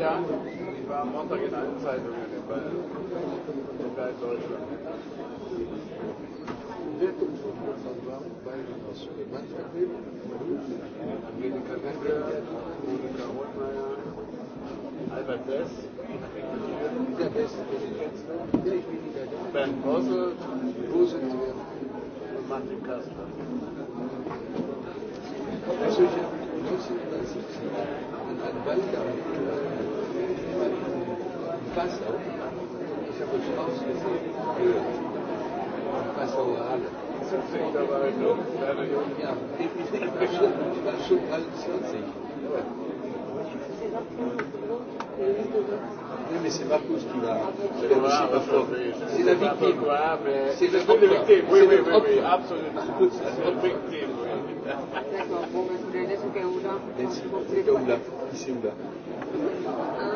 Ja, ich war am Montag in allen Zeitungen in Bayern, in Bayern Deutschland. Um Angelika Wendler, Monika Holtmeier, Albert Dess, dieser Dess, den ich kennst, Bernd Bossel, Busit und Martin Kastner. Passau, ich habe schon ausgesehen, Passauer Halle. Ja, ich war schon, ich war schon 23. Oui, mais c'est Marcos qui l'a qui l'a touché pas fort. C'est la victime. C'est le victime. Oui, oui, oui, oui, absolument. C'est la victime. D'accord que una. Nancy, c'est là ou là Ici ou là Un,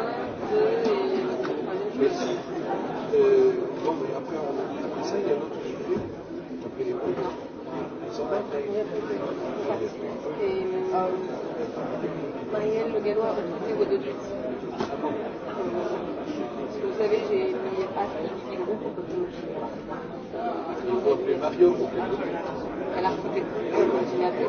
deux et... Merci. Euh, non, mais après, on... après ça, il y a un autre sujet. T'as pris les points Marielle Le Gallois a recruté vos deux tweets. Vous savez, j'ai mis As qui groupe pour que vous Il faut appeler Mario pour qu'elle Elle a recruté. Elle continue à faire.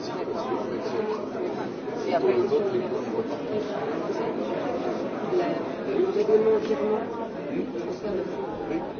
questi, questi pezzi sì, sono ridotti in quanto. Potremmo chiedere? Sì?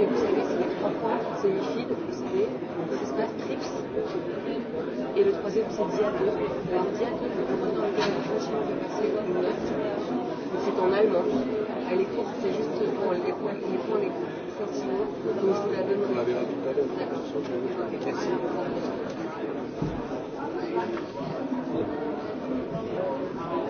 Et vous savez, c'est les trois points, c'est IFID, vous savez, c'est ce qu'on TRIPS. Et le troisième, c'est DIA2. Alors DIA2, le programme dans lequel on continue de passer une note, c'est en allemand. Elle est courte, c'est juste pour les points, les points, les sentiments. Donc je vous la donne. On la verra tout à l'heure. D'accord. Okay, merci. Thank you.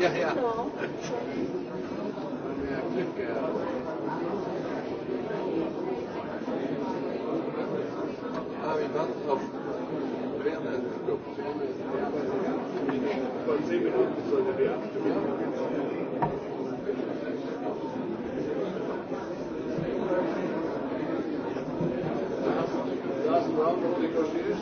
Ja, ja. Ah, wie war es auf Werner? Von zehn Minuten sollte der abstimmen.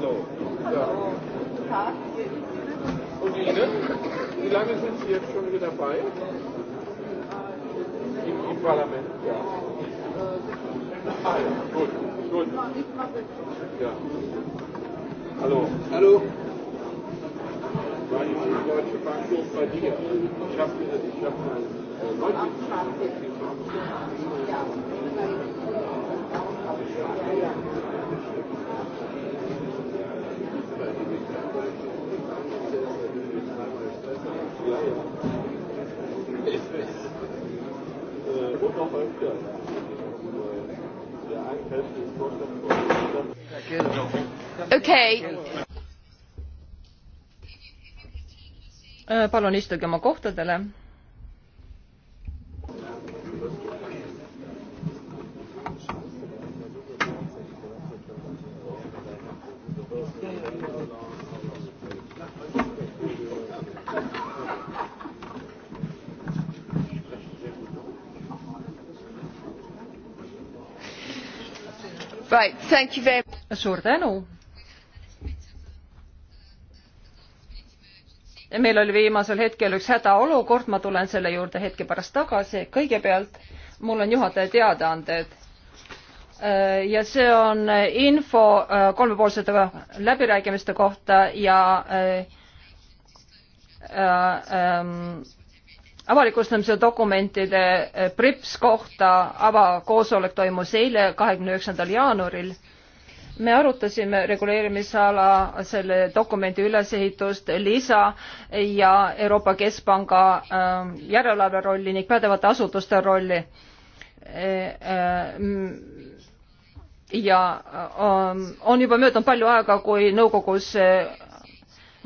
Hallo. Ja. Guten Tag. Und Ihnen? Wie lange sind Sie jetzt schon wieder dabei? Im, im Parlament, ja. Ah, ja. Gut, gut. Ja. Hallo. Hallo. War die Deutsche Bank so bei dir? Ich habe ich hab mal äh, Leute. Ja. Ja. okei okay.. Äh, palun istuge oma kohtadele. Right, suur tänu. meil oli viimasel hetkel üks hädaolukord, ma tulen selle juurde hetke pärast tagasi. kõigepealt mul on juhataja teadaanded äh, ja see on äh, info äh, kolmepoolsete läbirääkimiste kohta ja äh, äh, ähm, avalikustamise dokumentide eh, PRIPS kohta avakoosolek toimus eile, kahekümne üheksandal jaanuaril. me arutasime reguleerimisala selle dokumendi ülesehitust, lisa ja Euroopa Keskpanga ähm, järelevalve rolli ning pädevate asutuste rolli. Eh, eh, ja äh, on juba möödunud palju aega, kui nõukogus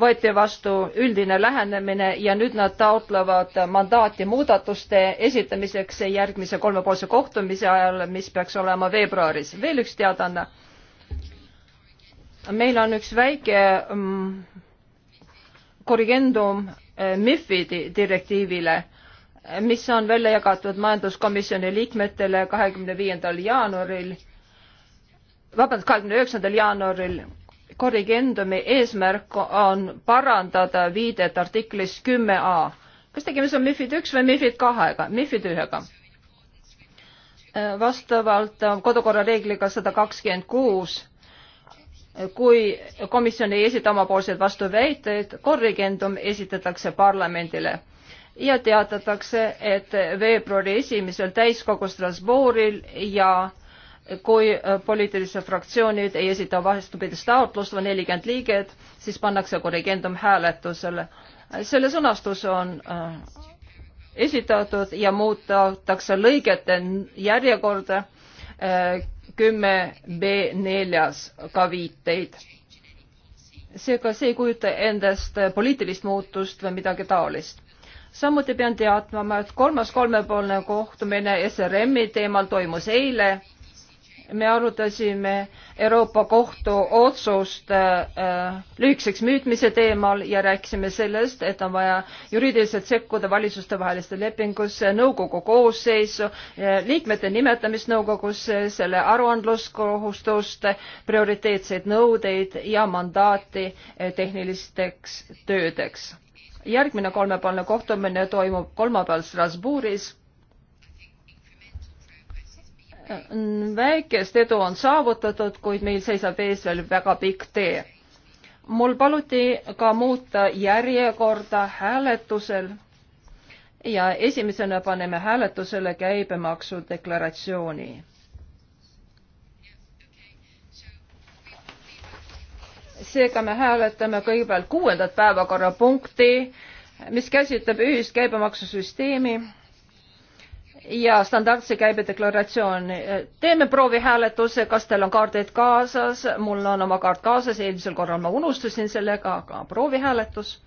võeti vastu üldine lähenemine ja nüüd nad taotlevad mandaati muudatuste esitamiseks järgmise kolmepoolse kohtumise ajal, mis peaks olema veebruaris. veel üks teadaanne. meil on üks väike mm, korrigendum eh, MIFID-i direktiivile eh, mis on välja jagatud majanduskomisjoni liikmetele kahekümne viiendal jaanuaril vabandust kahekümne üheksandal jaanuaril korrigendumi eesmärk on parandada viidet artiklis kümme A. kas tegemist on MIFID üks või MIFID kahega, MIFID ühega? Äh, vastavalt äh, kodukorra reegliga sada kakskümmend kuus, äh, kui komisjon ei esita omapoolseid vastuväiteid, korrigendum esitatakse parlamendile ja teatatakse, et veebruari esimesel täiskogu Strasbourgil ja kui äh, poliitilised fraktsioonid ei esita vastupidist taotlust või nelikümmend liiget, siis pannakse korrigendum hääletusele. selle sõnastus on äh, esitatud ja muudetakse lõigete järjekorda äh, kümme B neljas ka viiteid. seega see ei kujuta endast poliitilist muutust või midagi taolist samuti pean teatama, et kolmas kolmepoolne kohtumine SRM-i teemal toimus eile me arutasime Euroopa Kohtu otsust äh, lühikeseks müütmise teemal ja rääkisime sellest, et on vaja juriidiliselt sekkuda valitsustevaheliste lepingusse, nõukogu koosseisu, äh, liikmete nimetamist nõukogusse, selle aruandluskohustust, prioriteetseid nõudeid ja mandaati äh, tehnilisteks töödeks. järgmine kolmepoolne kohtumine toimub kolmapäeval Strasbourgis väikest edu on saavutatud, kuid meil seisab ees veel väga pikk tee. mul paluti ka muuta järjekorda hääletusel ja esimesena paneme hääletusele käibemaksu deklaratsiooni. seega me hääletame kõigepealt kuuendat päevakorrapunkti, mis käsitleb ühist käibemaksusüsteemi ja standardse käibedeklaratsioon. teeme proovihääletuse, kas teil on kaardid kaasas, mul on oma kaart kaasas, eelmisel korral ma unustasin sellega, aga proovihääletus.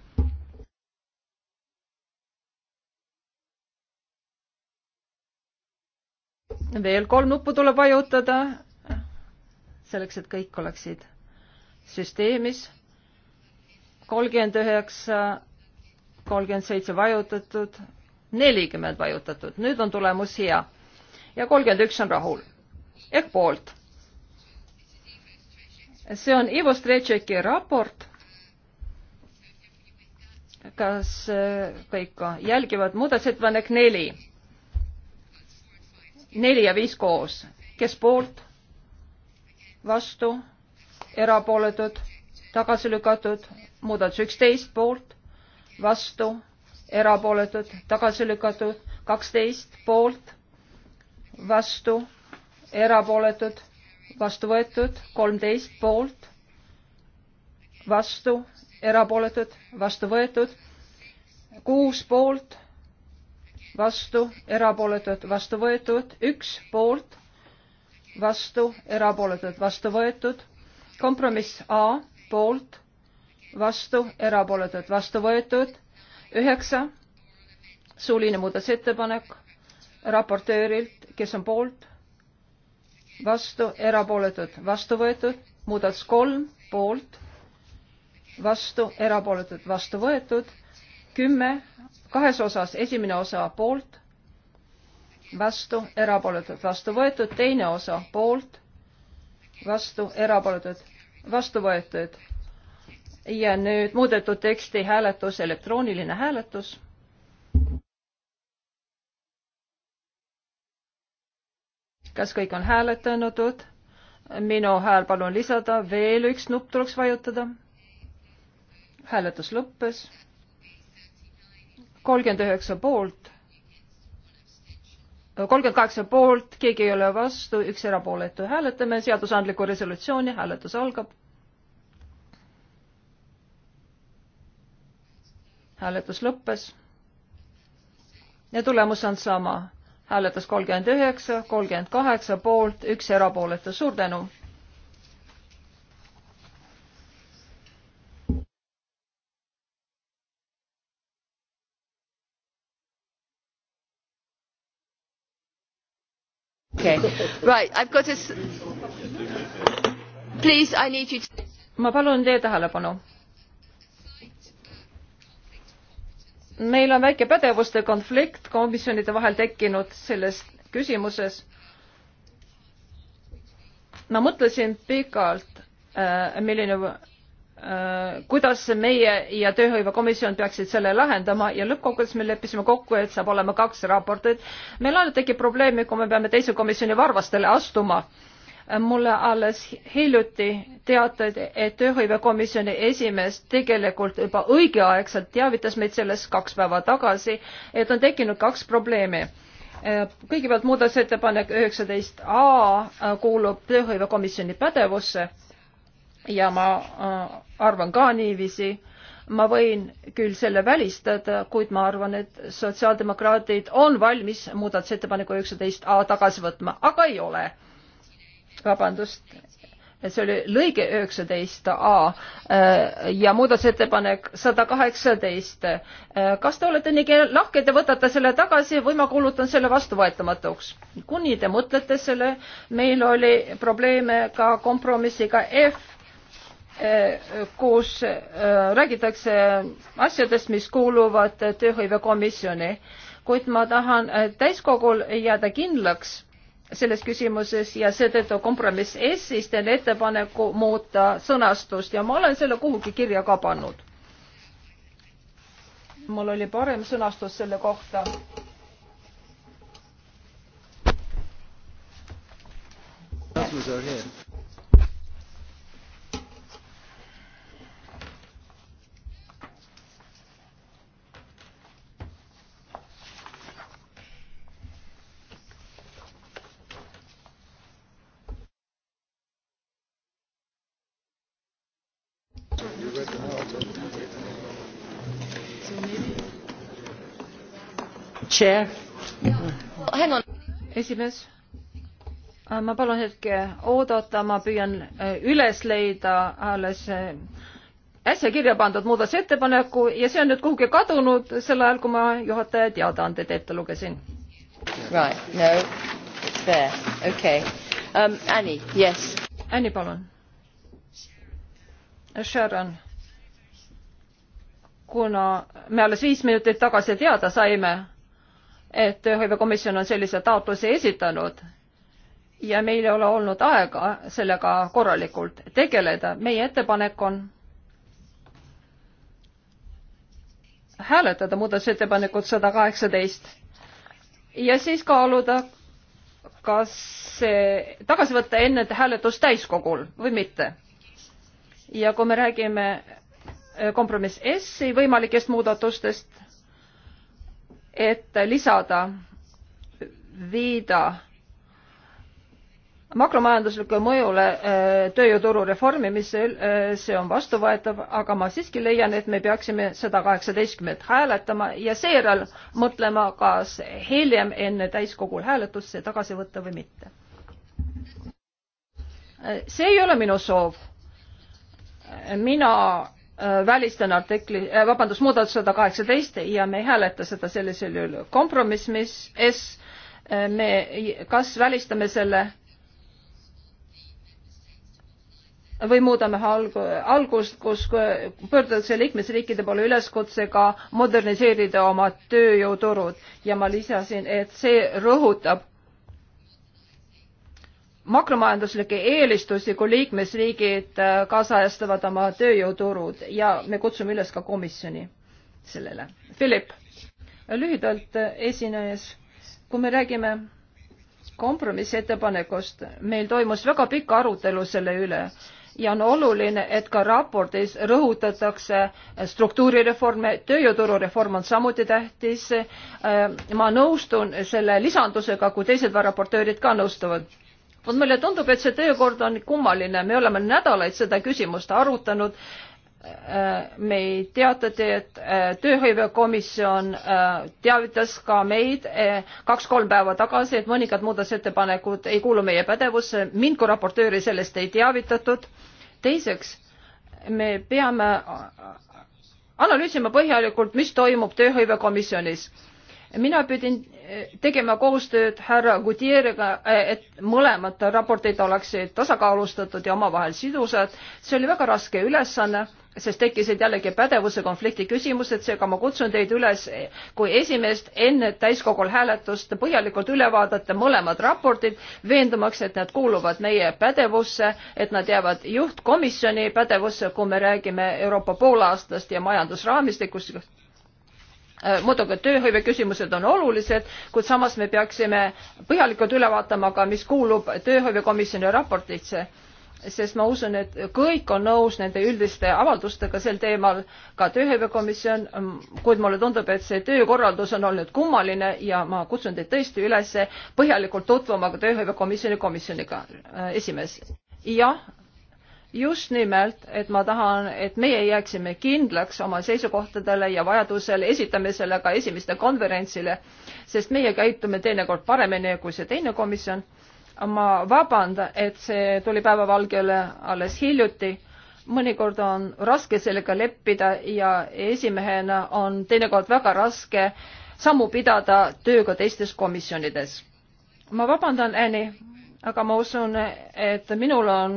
veel kolm nuppu tuleb vajutada, selleks et kõik oleksid süsteemis. kolmkümmend üheksa, kolmkümmend seitse vajutatud nelikümmend vajutatud, nüüd on tulemus hea ja kolmkümmend üks on rahul ehk poolt. see on Ivo Strejčeki raport. kas äh, kõik jälgivad muudatusettepanek neli? neli ja viis koos, kes poolt, vastu, erapooletud, tagasi lükatud, muudatus üksteist poolt, vastu erapooletud, tagasi lükatud, kaksteist poolt, vastu, erapooletud, vastu võetud, kolmteist poolt, vastu, erapooletud, vastu võetud, kuus poolt, vastu, erapooletud, vastu võetud, üks poolt, vastu, erapooletud, vastu võetud, kompromiss A poolt, vastu, erapooletud, vastu võetud üheksa, suuline muudatusettepanek raportöörilt, kes on poolt, vastu, erapooletud, vastu võetud, muudatus kolm, poolt, vastu, erapooletud, vastu võetud, kümme, kahes osas, esimene osa poolt, vastu, erapooletud, vastu võetud, teine osa poolt, vastu, erapooletud, vastu võetud ja nüüd muudetud teksti hääletus, elektrooniline hääletus. kas kõik on hääletanud? minu hääl palun lisada, veel üks nupp tuleks vajutada. hääletus lõppes. kolmkümmend üheksa poolt, kolmkümmend kaheksa poolt, keegi ei ole vastu, üks erapooletu. hääletame seadusandliku resolutsiooni, hääletus algab hääletus lõppes ja tulemus on sama. hääletas kolmkümmend üheksa, kolmkümmend kaheksa poolt, üks erapooletu, suur tänu. Okay. Right, I've got a... Please, I need you to... ma palun teie tähelepanu meil on väike pädevuste konflikt komisjonide vahel tekkinud selles küsimuses. ma mõtlesin pikalt, äh, milline, äh, kuidas meie ja tööhõivekomisjon peaksid selle lahendama ja lõppkokkuvõttes me leppisime kokku, et saab olema kaks raportit. meil alati tekib probleeme, kui me peame teise komisjoni varvastele astuma mulle alles hiljuti teatati, et tööhõivekomisjoni esimees tegelikult juba õigeaegselt teavitas meid sellest kaks päeva tagasi, et on tekkinud kaks probleemi kõigepealt muudatusettepanek üheksateist A kuulub tööhõivekomisjoni pädevusse ja ma äh, arvan ka niiviisi. ma võin küll selle välistada, kuid ma arvan, et sotsiaaldemokraadid on valmis muudatusettepaneku üheksateist A tagasi võtma, aga ei ole vabandust, see oli lõige üheksateist A äh, ja muudatusettepanek sada kaheksateist. Äh, kas te olete nii lahked ja võtate selle tagasi või ma kuulutan selle vastuvõetamatuks? kuni te mõtlete selle, meil oli probleeme ka kompromissiga F, äh, kus räägitakse asjadest, mis kuuluvad tööhõivekomisjoni, kuid ma tahan täiskogul jääda kindlaks selles küsimuses ja seetõttu kompromiss S siis teen ettepaneku muuta sõnastust ja ma olen selle kuhugi kirja ka pannud. mul oli parem sõnastus selle kohta. esimees äh, ma palun hetke oodata ma püüan äh, üles leida alles äh, äsja kirja pandud muudatusettepaneku ja see on nüüd kuhugi kadunud sel ajal kui ma juhataja teadaanded ette lugesin right no it's there okay um, Annie yes Annie palun Sharon kuna me alles viis minutit tagasi teada saime et tööhõivekomisjon on sellise taotluse esitanud ja meil ei ole olnud aega sellega korralikult tegeleda. meie ettepanek on hääletada muudatusettepanekut sada kaheksateist ja siis kaaluda, kas see tagasi võtta enne hääletust täiskogul või mitte. ja kui me räägime kompromiss S-i võimalikest muudatustest et lisada viida makromajanduslikule mõjule äh, tööjõuturu reformimisel, äh, see on vastuvõetav, aga ma siiski leian, et me peaksime seda kaheksateistkümnendat hääletama ja seejärel mõtlema, kas hiljem enne täiskogul hääletust see tagasi võtta või mitte. Äh, see ei ole minu soov. mina Äh, välistan artikli, äh, vabandust, muudatus sada kaheksateist ja me ei hääleta seda sellisel juhul. kompromiss, mis S, äh, me kas välistame selle või muudame alg-, algust, kus pöördutakse liikmesriikide poole üleskutsega moderniseerida oma tööjõuturud ja ma lisasin, et see rõhutab makromajanduslikke eelistusi, kui liikmesriigid äh, kaasajastavad oma tööjõuturud ja me kutsume üles ka komisjoni sellele. Philip, lühidalt äh, esinejas, kui me räägime kompromissettepanekust, meil toimus väga pikk arutelu selle üle ja on oluline, et ka raportis rõhutatakse äh, struktuurireforme, tööjõuturureform on samuti tähtis. ma nõustun selle lisandusega, kui teised raportöörid ka nõustuvad vot mulle tundub, et see töökord on kummaline, me oleme nädalaid seda küsimust arutanud. Äh, meid teatati, et äh, tööhõivekomisjon äh, teavitas ka meid kaks-kolm päeva tagasi, et mõningad muudatusettepanekud ei kuulu meie pädevusse, mind kui raportööri sellest ei teavitatud. teiseks, me peame analüüsima põhjalikult, mis toimub tööhõivekomisjonis mina pidin eh, tegema koostööd härra Gutierrega, eh, et mõlemad raportid oleksid tasakaalustatud ja omavahel sidusad. see oli väga raske ülesanne, sest tekkisid jällegi pädevuse konflikti küsimused, seega ma kutsun teid üles eh, kui esimest enne täiskogul hääletust põhjalikult üle vaadata mõlemad raportid, veendumaks, et nad kuuluvad meie pädevusse, et nad jäävad juhtkomisjoni pädevusse, kui me räägime Euroopa poolaastast ja majandusraamistikust Äh, muidugi tööhõive küsimused on olulised kuid samas me peaksime põhjalikult üle vaatama ka mis kuulub tööhõivekomisjoni raportisse sest ma usun et kõik on nõus nende üldiste avaldustega sel teemal ka tööhõivekomisjon mm, kuid mulle tundub et see töökorraldus on olnud kummaline ja ma kutsun teid tõesti üles põhjalikult tutvuma ka tööhõivekomisjoni komisjoniga äh, esimees jah just nimelt, et ma tahan, et meie jääksime kindlaks oma seisukohtadele ja vajadusel esitame selle ka esimeste konverentsile, sest meie käitume teinekord paremini kui see teine komisjon. ma vabandan, et see tuli päevavalgele alles hiljuti. mõnikord on raske sellega leppida ja esimehena on teinekord väga raske sammu pidada tööga teistes komisjonides. ma vabandan, Annie aga ma usun, et minul on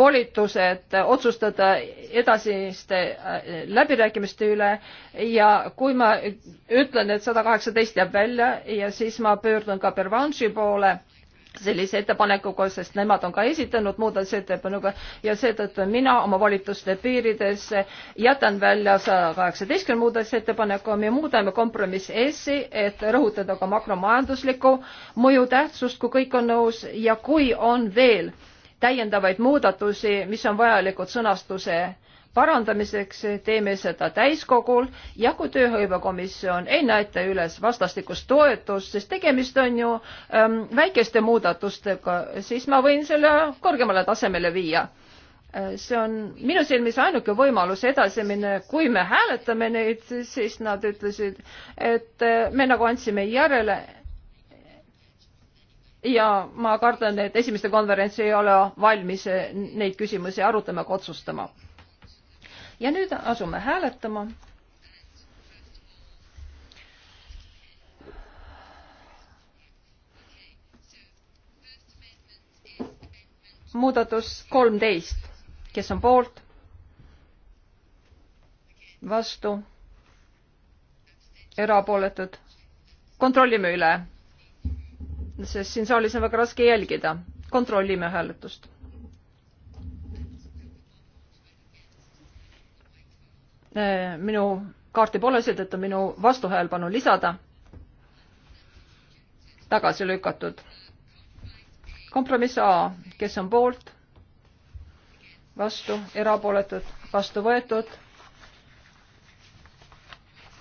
volitused otsustada edasiste äh, läbirääkimiste üle ja kui ma ütlen, et sada kaheksateist jääb välja ja siis ma pöördun ka Pervanši poole sellise ettepanekuga, sest nemad on ka esitanud muudatusettepanekuga ja seetõttu mina oma volituste piirides jätan välja saja kaheksateistkümne muudatusettepaneku, me muudame kompromiss S-i, et rõhutada ka makromajanduslikku mõju tähtsust, kui kõik on nõus ja kui on veel täiendavaid muudatusi, mis on vajalikud sõnastuse parandamiseks teeme seda täiskogul ja kui tööhõivekomisjon ei näita üles vastastikust toetust, sest tegemist on ju ähm, väikeste muudatustega, siis ma võin selle kõrgemale tasemele viia. Äh, see on minu silmis ainuke võimalus edasi minna, kui me hääletame neid, siis nad ütlesid, et äh, me nagu andsime järele ja ma kardan, et esimeste konverents ei ole valmis äh, neid küsimusi arutama ega otsustama ja nüüd asume hääletama. muudatus kolmteist, kes on poolt? vastu? erapooletud? kontrollime üle, sest siin saalis on väga raske jälgida. kontrollime hääletust Eh, minu kaarti pole, seetõttu minu vastuhääl palun lisada. tagasi lükatud. kompromiss A, kes on poolt? vastu, erapooletud, vastu võetud.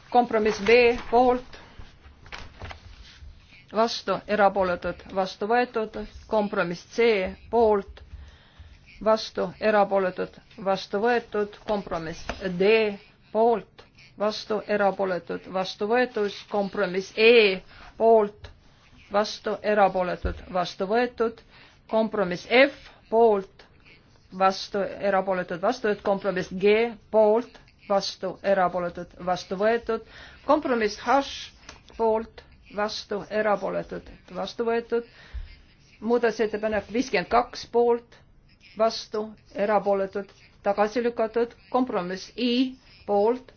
kompromiss B, poolt vastu, erapooletud, vastu võetud, kompromiss C poolt, vastu, erapooletud, vastu võetud, kompromiss D poolt, vastu, erapooletud, vastu võetud, kompromiss E poolt, vastu, erapooletud, vastu võetud, kompromiss F poolt, vastu, erapooletud, vastu võetud, kompromiss G poolt, vastu, erapooletud, vastu võetud, kompromiss H poolt, vastu, erapooletud, vastu võetud, muudatusettepanek viiskümmend kaks poolt vastu, erapooletud, tagasi lükatud, kompromiss I poolt,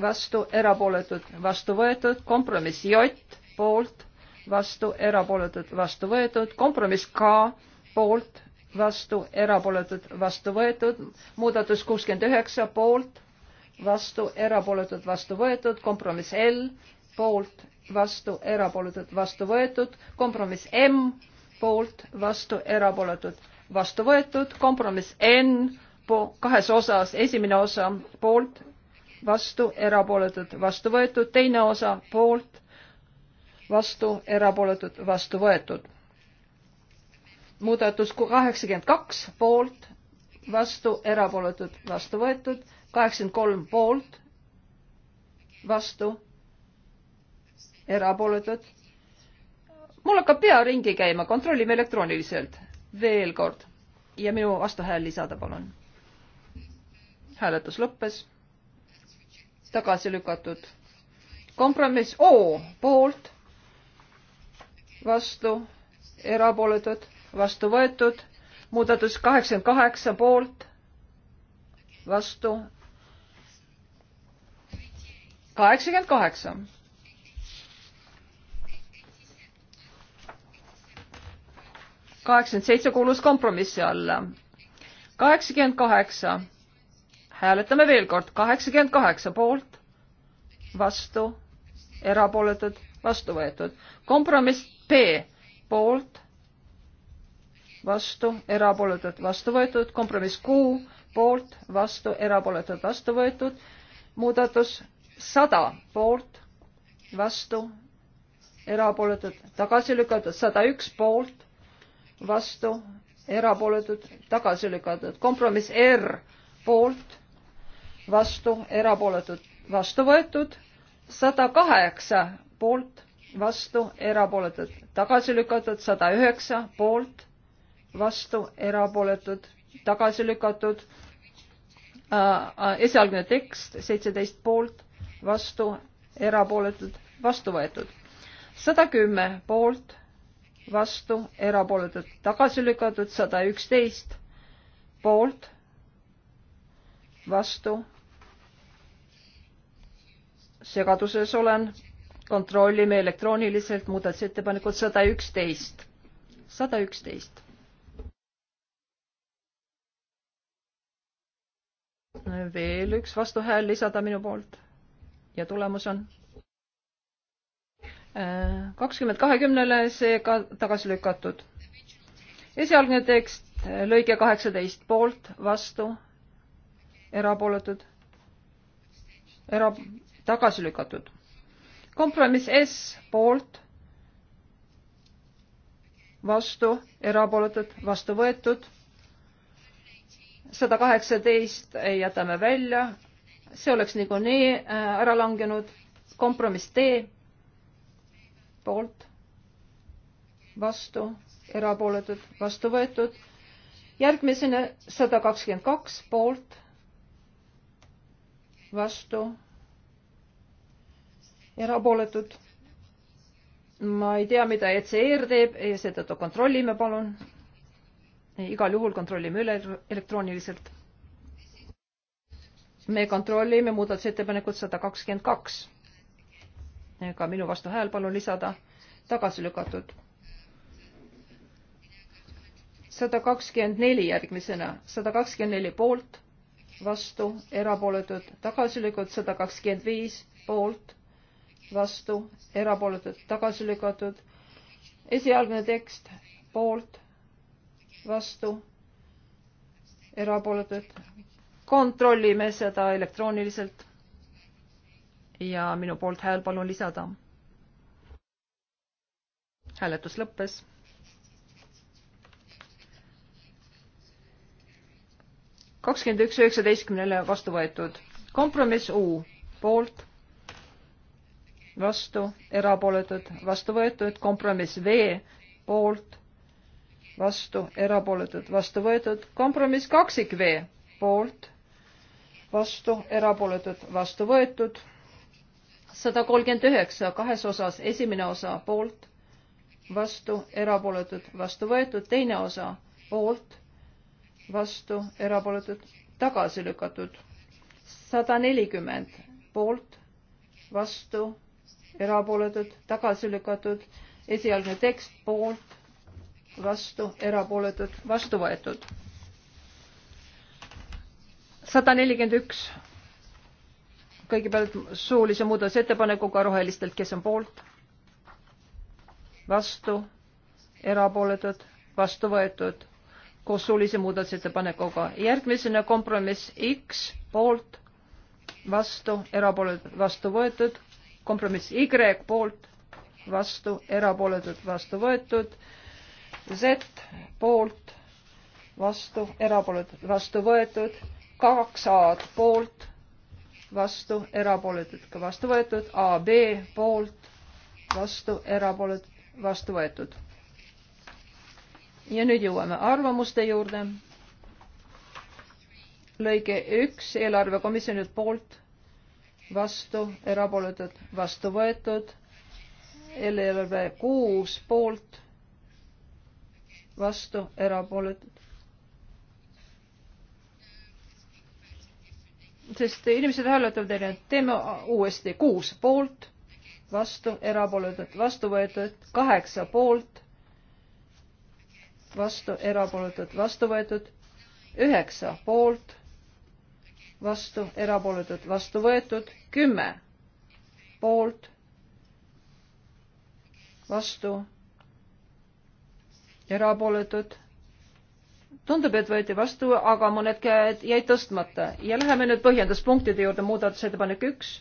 vastu, erapooletud, vastu võetud, kompromiss J poolt, vastu, erapooletud, vastu võetud, kompromiss K poolt, vastu, erapooletud, vastu võetud, muudatus kuuskümmend üheksa poolt, vastu, erapooletud, vastu võetud, kompromiss L poolt, vastu, erapooletud, vastu võetud, kompromiss M poolt, vastu, erapooletud vastu võetud, kompromiss N kahes osas, esimene osa poolt, vastu, erapooletud, vastu võetud, teine osa poolt, vastu, erapooletud, vastu võetud. muudatus kaheksakümmend kaks poolt, vastu, erapooletud, vastu võetud, kaheksakümmend kolm poolt, vastu, erapooletud. mul hakkab pea ringi käima, kontrollime elektrooniliselt veel kord ja minu vastuhääl lisada, palun. hääletus lõppes. tagasi lükatud. kompromiss O poolt, vastu, erapooletud, vastu võetud, muudatus kaheksakümmend kaheksa poolt, vastu, kaheksakümmend kaheksa kaheksakümmend seitse kuulus kompromissi alla. kaheksakümmend kaheksa. hääletame veel kord, kaheksakümmend kaheksa poolt, vastu, erapooletud, vastu võetud. kompromiss B poolt, vastu, erapooletud, vastu võetud. kompromiss Q poolt, vastu, erapooletud, vastu võetud. muudatus sada poolt, vastu, erapooletud, tagasi lükatud, sada üks poolt, vastu, erapooletud, tagasi lükatud. kompromiss R poolt, vastu, erapooletud, vastu võetud. sada kaheksa poolt, vastu, erapooletud, tagasi lükatud. sada üheksa poolt, vastu, erapooletud, tagasi lükatud. Äh, äh, esialgne tekst seitseteist poolt, vastu, erapooletud, vastu võetud. sada kümme poolt vastu, erapooletud tagasi lükatud, sada üksteist poolt, vastu. segaduses olen, kontrollime elektrooniliselt muudatusettepanekut sada üksteist, sada üksteist. veel üks vastuhääl lisada minu poolt ja tulemus on kakskümmend kahekümnele, see ka tagasi lükatud. esialgne tekst, lõige kaheksateist, poolt, vastu, erapooletud, era-, tagasi lükatud. kompromiss S, poolt, vastu, erapooletud, vastu võetud, sada kaheksateist jätame välja, see oleks niikuinii äh, ära langenud, kompromiss D poolt, vastu, erapooletud, vastu võetud. järgmisena sada kakskümmend kaks poolt, vastu, erapooletud. ma ei tea, mida ECR teeb ja seetõttu kontrollime, palun. igal juhul kontrollime üle elektrooniliselt. me kontrollime muudatusettepanekut sada kakskümmend kaks ka minu vastu hääl palun lisada, tagasi lükatud. sada kakskümmend neli järgmisena, sada kakskümmend neli poolt, vastu, erapooletud, tagasi lükatud, sada kakskümmend viis poolt, vastu, erapooletud, tagasi lükatud. esialgne tekst poolt, vastu, erapooletud. kontrollime seda elektrooniliselt ja minu poolt hääl palun lisada. hääletus lõppes. kakskümmend üks üheksateistkümnele vastu võetud. kompromiss U poolt, vastu, erapooletud, vastu võetud. kompromiss V poolt, vastu, erapooletud, vastu võetud. kompromiss kaksik V poolt, vastu, erapooletud, vastu võetud sada kolmkümmend üheksa kahes osas, esimene osa poolt, vastu, erapooletud, vastu võetud, teine osa poolt, vastu, erapooletud, tagasi lükatud. sada nelikümmend poolt, vastu, erapooletud, tagasi lükatud, esialgne tekst poolt, vastu, erapooletud, vastu võetud. sada nelikümmend üks kõigepealt suulise muudatusettepanekuga rohelistelt, kes on poolt, vastu, erapooletud, vastu võetud koos suulise muudatusettepanekuga. järgmisena kompromiss X poolt, vastu, erapooletud, vastu võetud, kompromiss Y poolt, vastu, erapooletud, vastu võetud, Z poolt, vastu, erapooletud, vastu võetud, kaks A-d poolt vastu, erapooletud ka vastu võetud, AB poolt, vastu, erapooletud, vastu võetud. ja nüüd jõuame arvamuste juurde. lõige üks, eelarvekomisjonilt poolt, vastu, erapooletud, vastu võetud, eelarve kuus poolt, vastu, erapooletud, sest inimesed hääletavad erinevalt, teeme uuesti kuus poolt, vastu, erapooletud, vastu võetud, kaheksa poolt, vastu, erapooletud, vastu võetud, üheksa poolt, vastu, erapooletud, vastu võetud, kümme poolt, vastu, erapooletud tundub, et võeti vastu, aga mõned käed jäid tõstmata ja läheme nüüd põhjenduspunktide juurde, muudatusettepanek üks,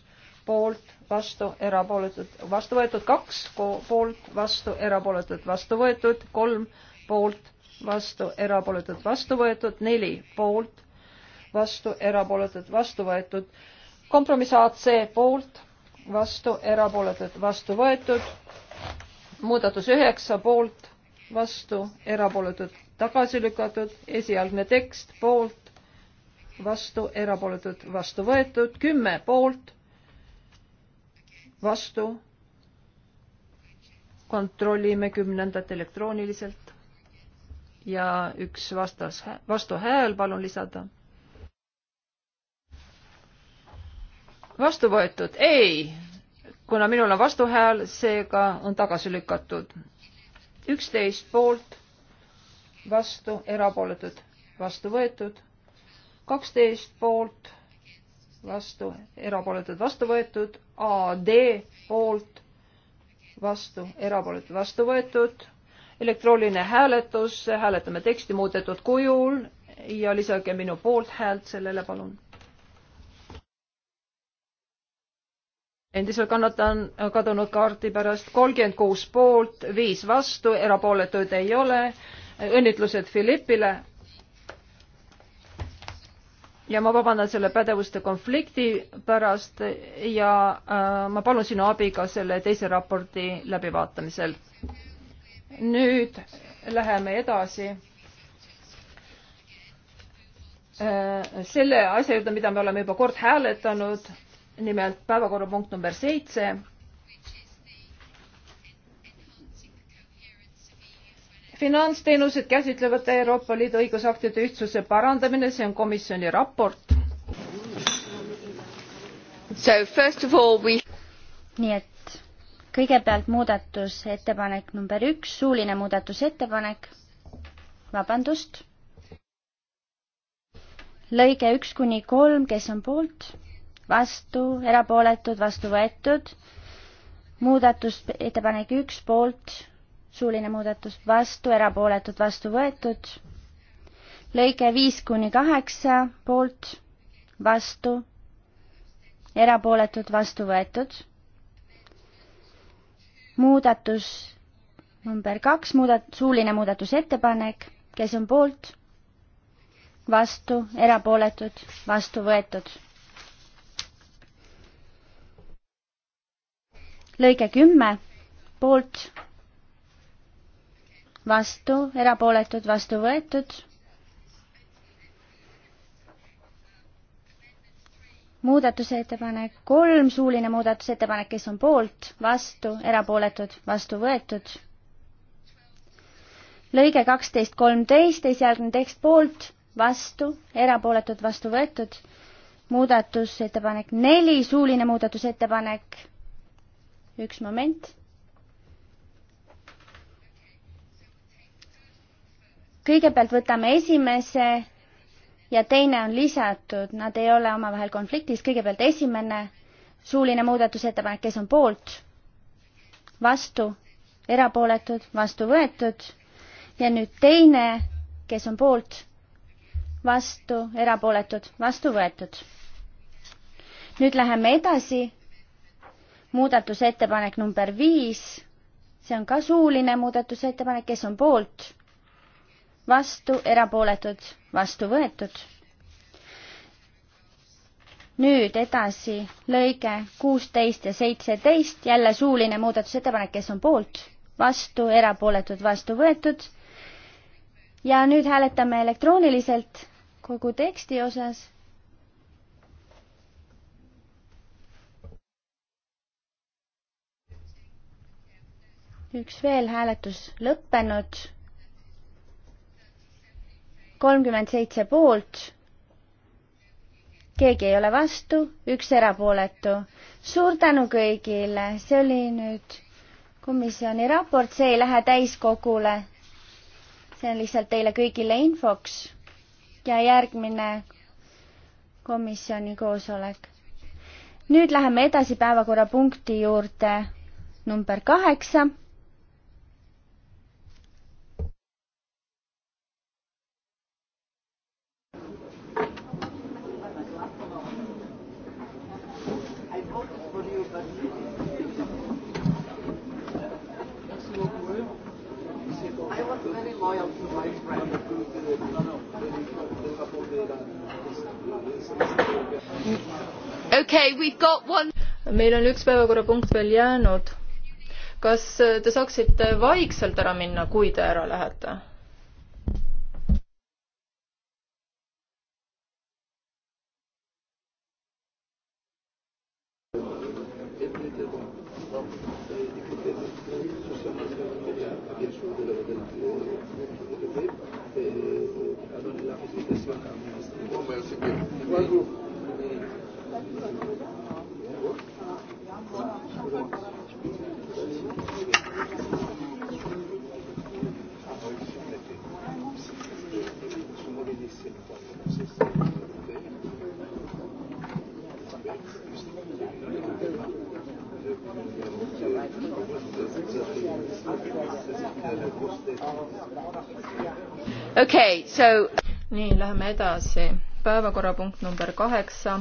poolt, vastu, erapooletud, vastu võetud, kaks, poolt, vastu, erapooletud, vastu võetud, kolm, poolt, vastu, erapooletud, vastu võetud, neli, poolt, vastu, erapooletud, vastu võetud, kompromiss AC poolt, vastu, erapooletud, vastu võetud, muudatus üheksa poolt, vastu, erapooletud, tagasi lükatud, esialgne tekst poolt, vastu, erapooletud, vastu võetud, kümme poolt, vastu. kontrollime kümnendat elektrooniliselt ja üks vastas, vastuhääl palun lisada. vastu võetud, ei, kuna minul on vastuhääl, seega on tagasi lükatud. üksteist poolt vastu, erapooletud, vastu võetud, kaksteist poolt, vastu, erapooletud, vastu võetud, AD poolt, vastu, erapooletud, vastu võetud, elektrooniline hääletus, hääletame teksti muudetud kujul ja lisage minu poolthäält sellele, palun. endiselt kannatan kadunud kaarti pärast kolmkümmend kuus poolt, viis vastu, erapooletuid ei ole õnnitlused Philippile. ja ma vabandan selle pädevuste konflikti pärast ja äh, ma palun sinu abi ka selle teise raporti läbivaatamisel. nüüd läheme edasi äh, selle asja juurde, mida me oleme juba kord hääletanud, nimelt päevakorrapunkt number seitse finantsteenused käsitlevate Euroopa Liidu õigusaktide ühtsuse parandamine, see on komisjoni raport. We... nii et kõigepealt muudatusettepanek number üks, suuline muudatusettepanek, vabandust. lõige üks kuni kolm, kes on poolt, vastu, erapooletud, vastu võetud muudatusettepanek üks poolt, suuline muudatus vastu, erapooletud vastu võetud. lõige viis kuni kaheksa poolt, vastu, erapooletud vastu võetud. muudatus number kaks, muudat-, suuline muudatusettepanek, kes on poolt, vastu, erapooletud, vastu võetud. lõige kümme, poolt vastu, erapooletud, vastu võetud. muudatusettepanek kolm, suuline muudatusettepanek, kes on poolt, vastu, erapooletud, vastu võetud. lõige kaksteist, kolmteist, esialgne tekst poolt, vastu, erapooletud, vastu võetud. muudatusettepanek neli, suuline muudatusettepanek. üks moment kõigepealt võtame esimese ja teine on lisatud, nad ei ole omavahel konfliktis, kõigepealt esimene suuline muudatusettepanek, kes on poolt, vastu, erapooletud, vastu võetud ja nüüd teine, kes on poolt, vastu, erapooletud, vastu võetud. nüüd läheme edasi, muudatusettepanek number viis, see on ka suuline muudatusettepanek, kes on poolt vastu, erapooletud, vastu võetud. nüüd edasi lõige kuusteist ja seitseteist, jälle suuline muudatusettepanek, kes on poolt, vastu, erapooletud, vastu võetud. ja nüüd hääletame elektrooniliselt kogu teksti osas üks veel hääletus lõppenud kolmkümmend seitse poolt, keegi ei ole vastu, üks erapooletu. suur tänu kõigile, see oli nüüd komisjoni raport, see ei lähe täiskogule. see on lihtsalt teile kõigile infoks ja järgmine komisjoni koosolek. nüüd läheme edasi päevakorrapunkti juurde number kaheksa okay, one... meil on üks päevakorrapunkt veel jäänud. kas te saaksite vaikselt ära minna, kui te ära lähete? Thank you. Okay, so... nii, läheme edasi. päevakorrapunkt number kaheksa,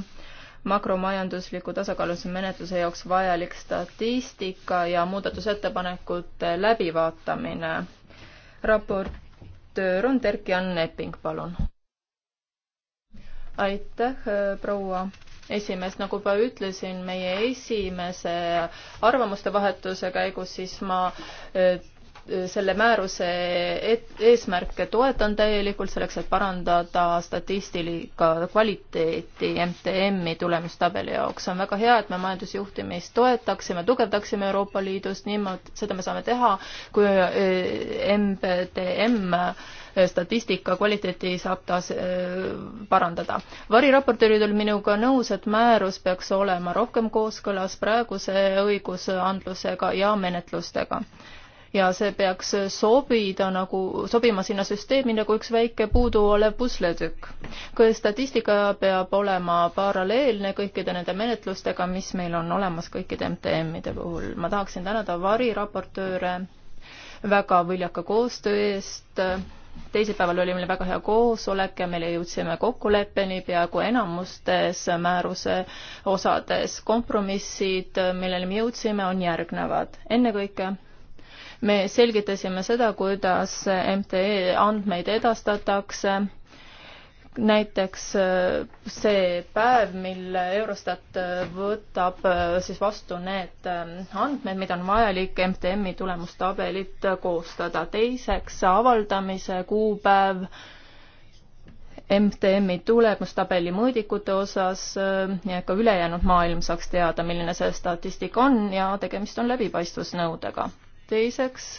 makromajandusliku tasakaalus menetluse jaoks vajalik statistika ja muudatusettepanekute läbivaatamine. raportöör on Terki Ann Epping, palun aitäh, äh, proua esimees, nagu juba ütlesin, meie esimese arvamuste vahetuse käigus, siis ma äh, selle määruse eesmärke toetan täielikult selleks, et parandada statistika kvaliteeti MTM-i tulemustabeli jaoks. on väga hea, et me majandusjuhtimist toetaksime, tugevdaksime Euroopa Liidus, niimoodi, seda me saame teha, kui MTM äh, statistika kvaliteeti saab taas äh, parandada. variraportöörid on minuga nõus, et määrus peaks olema rohkem kooskõlas praeguse õigusandlusega ja menetlustega ja see peaks sobida nagu, sobima sinna süsteemi nagu üks väike puuduolev pusletükk. kui statistika peab olema paralleelne kõikide nende menetlustega, mis meil on olemas kõikide MTM-ide puhul. ma tahaksin tänada variraportööre väga viljaka koostöö eest teisipäeval oli meil väga hea koosolek ja me jõudsime kokkuleppeni peaaegu enamustes määruse osades. kompromissid, milleni me jõudsime, on järgnevad. ennekõike me selgitasime seda, kuidas MTE andmeid edastatakse näiteks äh, see päev, mil Eurostat äh, võtab äh, siis vastu need andmed, mida on vajalik MTM-i tulemustabelit koostada. teiseks avaldamise kuupäev MTM-i tulemustabeli mõõdikute osas ja ka ülejäänud maailm saaks teada, milline see statistika on ja tegemist on läbipaistvusnõudega. teiseks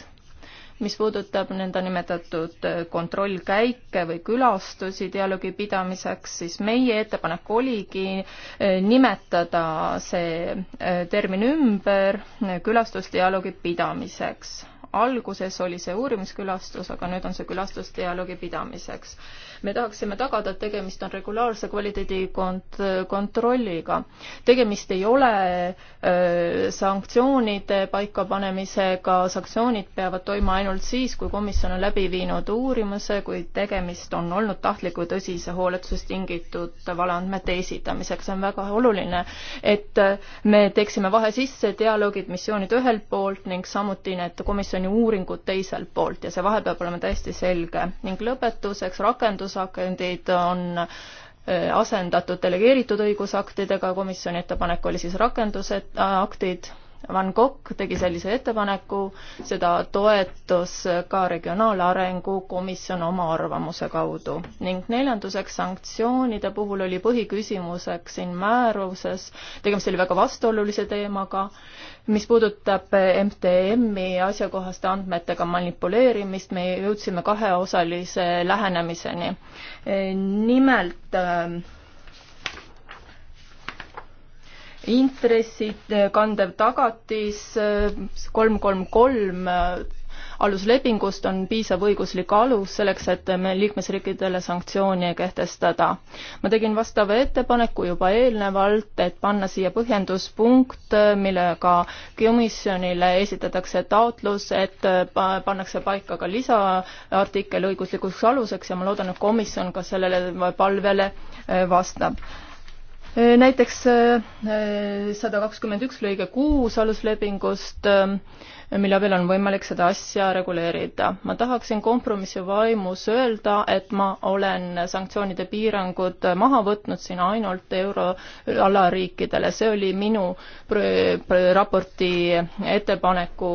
mis puudutab nõndanimetatud kontrollkäike või külastusi dialoogi pidamiseks, siis meie ettepanek oligi eh, nimetada see eh, termin ümber eh, külastusdialoogi pidamiseks alguses oli see uurimiskülastus, aga nüüd on see külastusdialoogi pidamiseks me tahaksime tagada, et tegemist on regulaarse kvaliteedikont-, kontrolliga. tegemist ei ole öö, sanktsioonide paikapanemisega, sanktsioonid peavad toimuma ainult siis, kui komisjon on läbi viinud uurimuse, kui tegemist on olnud tahtliku tõsise hooletusest tingitud valeandmete esitamiseks. on väga oluline, et me teeksime vahe sisse dialoogid, missioonid ühelt poolt ning samuti need komisjoni uuringud teiselt poolt ja see vahe peab olema täiesti selge. ning lõpetuseks rakendus õigusakendid on äh, asendatud delegeeritud õigusaktidega, komisjoni ettepanek oli siis rakendusaktid Van Gogh tegi sellise ettepaneku, seda toetas ka Regionaalarengu Komisjon oma arvamuse kaudu. ning neljanduseks, sanktsioonide puhul oli põhiküsimuseks siin määruses, tegemist oli väga vastuolulise teemaga, mis puudutab MTM-i asjakohaste andmetega manipuleerimist, me jõudsime kaheosalise lähenemiseni. nimelt ähm, intressid kandev tagatis kolm, kolm, kolm äh, aluslepingust on piisav õiguslik alus selleks, et me liikmesriikidele sanktsioone kehtestada. ma tegin vastava ettepaneku juba eelnevalt, et panna siia põhjenduspunkt, äh, millega komisjonile esitatakse taotlus, et äh, pannakse paika ka lisaartikkel õiguslikuks aluseks ja ma loodan, et komisjon ka sellele palvele vastab Äh, näiteks äh, sada kakskümmend üks lõige kuus aluslepingust, äh, mille abil on võimalik seda asja reguleerida. ma tahaksin kompromissi vaimus öelda, et ma olen sanktsioonide piirangud maha võtnud siin ainult euroala riikidele, see oli minu raporti ettepaneku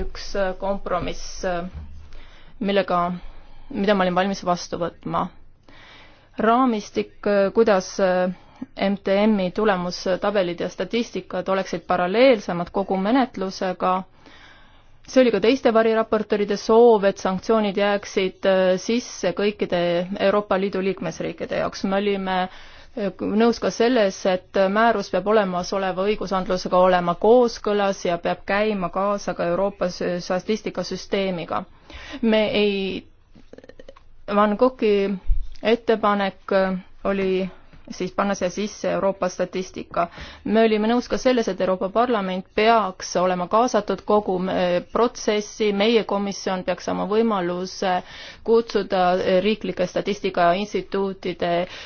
üks kompromiss, millega, mida ma olin valmis vastu võtma. raamistik, kuidas MTM-i tulemustabelid ja statistikad oleksid paralleelsemad kogu menetlusega. see oli ka teiste variraportööride soov, et sanktsioonid jääksid äh, sisse kõikide Euroopa Liidu liikmesriikide jaoks. me olime äh, nõus ka selles, et määrus peab olemasoleva õigusandlusega olema kooskõlas ja peab käima kaasa ka Euroopa statistikasüsteemiga. me ei, Van Goghi ettepanek äh, oli siis panna siia sisse Euroopa statistika. me olime nõus ka selles, et Euroopa Parlament peaks olema kaasatud kogu äh, protsessi, meie komisjon peaks saama võimaluse kutsuda äh, riiklike statistikainstituutide äh,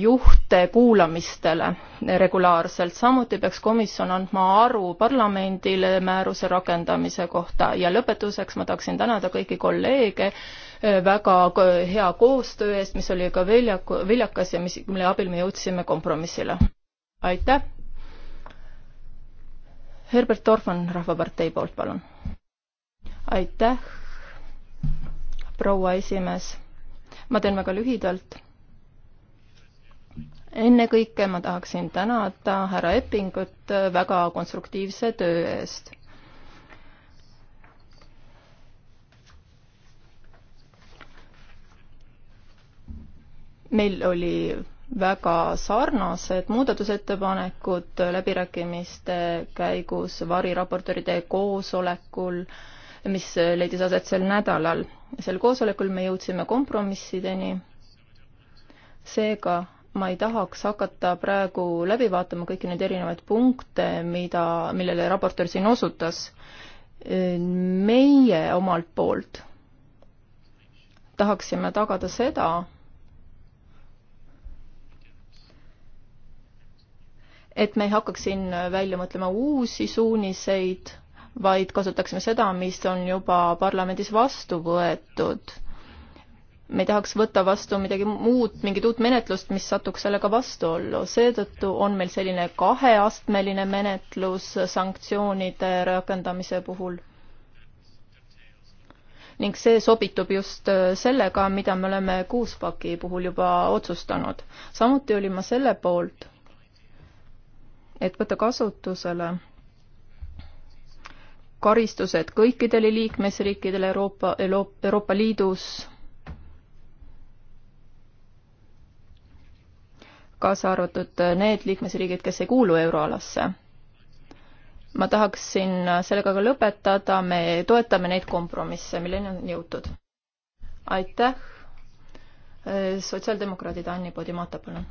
juhte kuulamistele regulaarselt, samuti peaks komisjon andma aru parlamendile määruse rakendamise kohta ja lõpetuseks ma tahaksin tänada kõiki kolleege, Äh, väga hea koostöö eest, mis oli ka viljaku, viljakas ja mis, mille abil me jõudsime kompromissile. aitäh! Herbert Dorfmann Rahvapartei poolt, palun. aitäh, proua esimees. ma teen väga lühidalt ennekõike ma tahaksin tänada härra Eppingut väga konstruktiivse töö eest. meil oli väga sarnased muudatusettepanekud läbirääkimiste käigus variraportööride koosolekul, mis leidis aset sel nädalal. sel koosolekul me jõudsime kompromissideni, seega ma ei tahaks hakata praegu läbi vaatama kõiki neid erinevaid punkte, mida, millele raportöör siin osutas. meie omalt poolt tahaksime tagada seda, et me ei hakkaks siin välja mõtlema uusi suuniseid, vaid kasutaksime seda, mis on juba parlamendis vastu võetud. me ei tahaks võtta vastu midagi muud, mingit uut menetlust, mis satuks sellega vastuollu, seetõttu on meil selline kaheastmeline menetlus sanktsioonide rakendamise puhul. ning see sobitub just sellega, mida me oleme kuuspaki puhul juba otsustanud. samuti olin ma selle poolt et võtta kasutusele karistused kõikidele liikmesriikidele Euroopa, Euroopa Liidus, kaasa arvatud need liikmesriigid, kes ei kuulu euroalasse. ma tahaksin sellega ka lõpetada, me toetame neid kompromisse, milleni on jõutud. aitäh, sotsiaaldemokraadid, Anni Podimata, palun.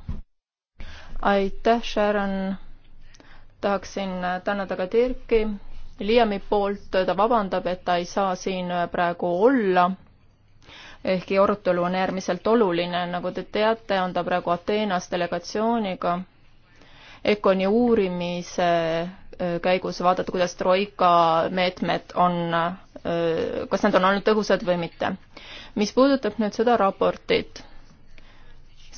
aitäh, Sharon tahaksin tänada ka Dirki Liami poolt, ta vabandab, et ta ei saa siin praegu olla, ehkki arutelu on äärmiselt oluline, nagu te teate, on ta praegu Ateenas delegatsiooniga ECONi uurimise äh, käigus vaadata, kuidas Troika meetmed on, äh, kas need on olnud tõhusad või mitte. mis puudutab nüüd seda raportit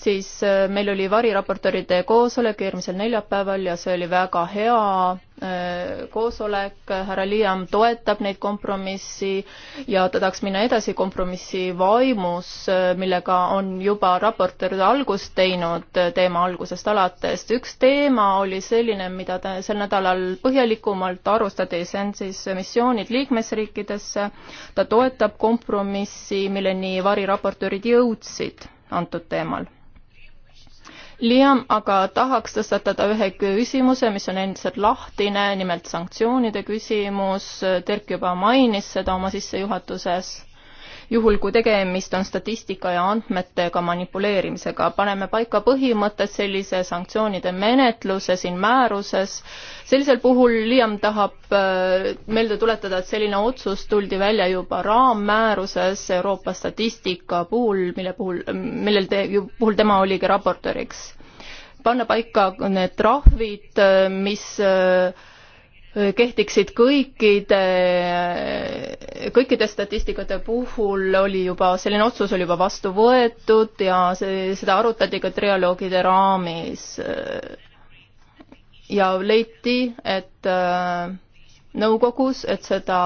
siis äh, meil oli variraportööride koosolek eelmisel neljapäeval ja see oli väga hea äh, koosolek, härra Liam toetab neid kompromissi ja ta tahaks minna edasi kompromissi vaimus, äh, millega on juba raportöör algust teinud teema algusest alates. üks teema oli selline, mida ta sel nädalal põhjalikumalt arutati, see on siis missioonid liikmesriikidesse. ta toetab kompromissi, milleni variraportöörid jõudsid antud teemal Liam aga tahaks tõstatada ühe küsimuse, mis on endiselt lahtine, nimelt sanktsioonide küsimus. Terk juba mainis seda oma sissejuhatuses juhul kui tegemist on statistika ja andmetega manipuleerimisega. paneme paika põhimõtted sellise sanktsioonide menetluse siin määruses. sellisel puhul Liam tahab äh, meelde tuletada, et selline otsus tuldi välja juba raammääruses Euroopa statistika puhul, mille puhul, millel te, puhul tema oligi raportööriks panna paika need trahvid, äh, mis äh, kehtiksid kõikide, kõikide statistikate puhul, oli juba, selline otsus oli juba vastu võetud ja see, seda arutati ka trialoogide raamis. ja leiti, et äh, nõukogus, et seda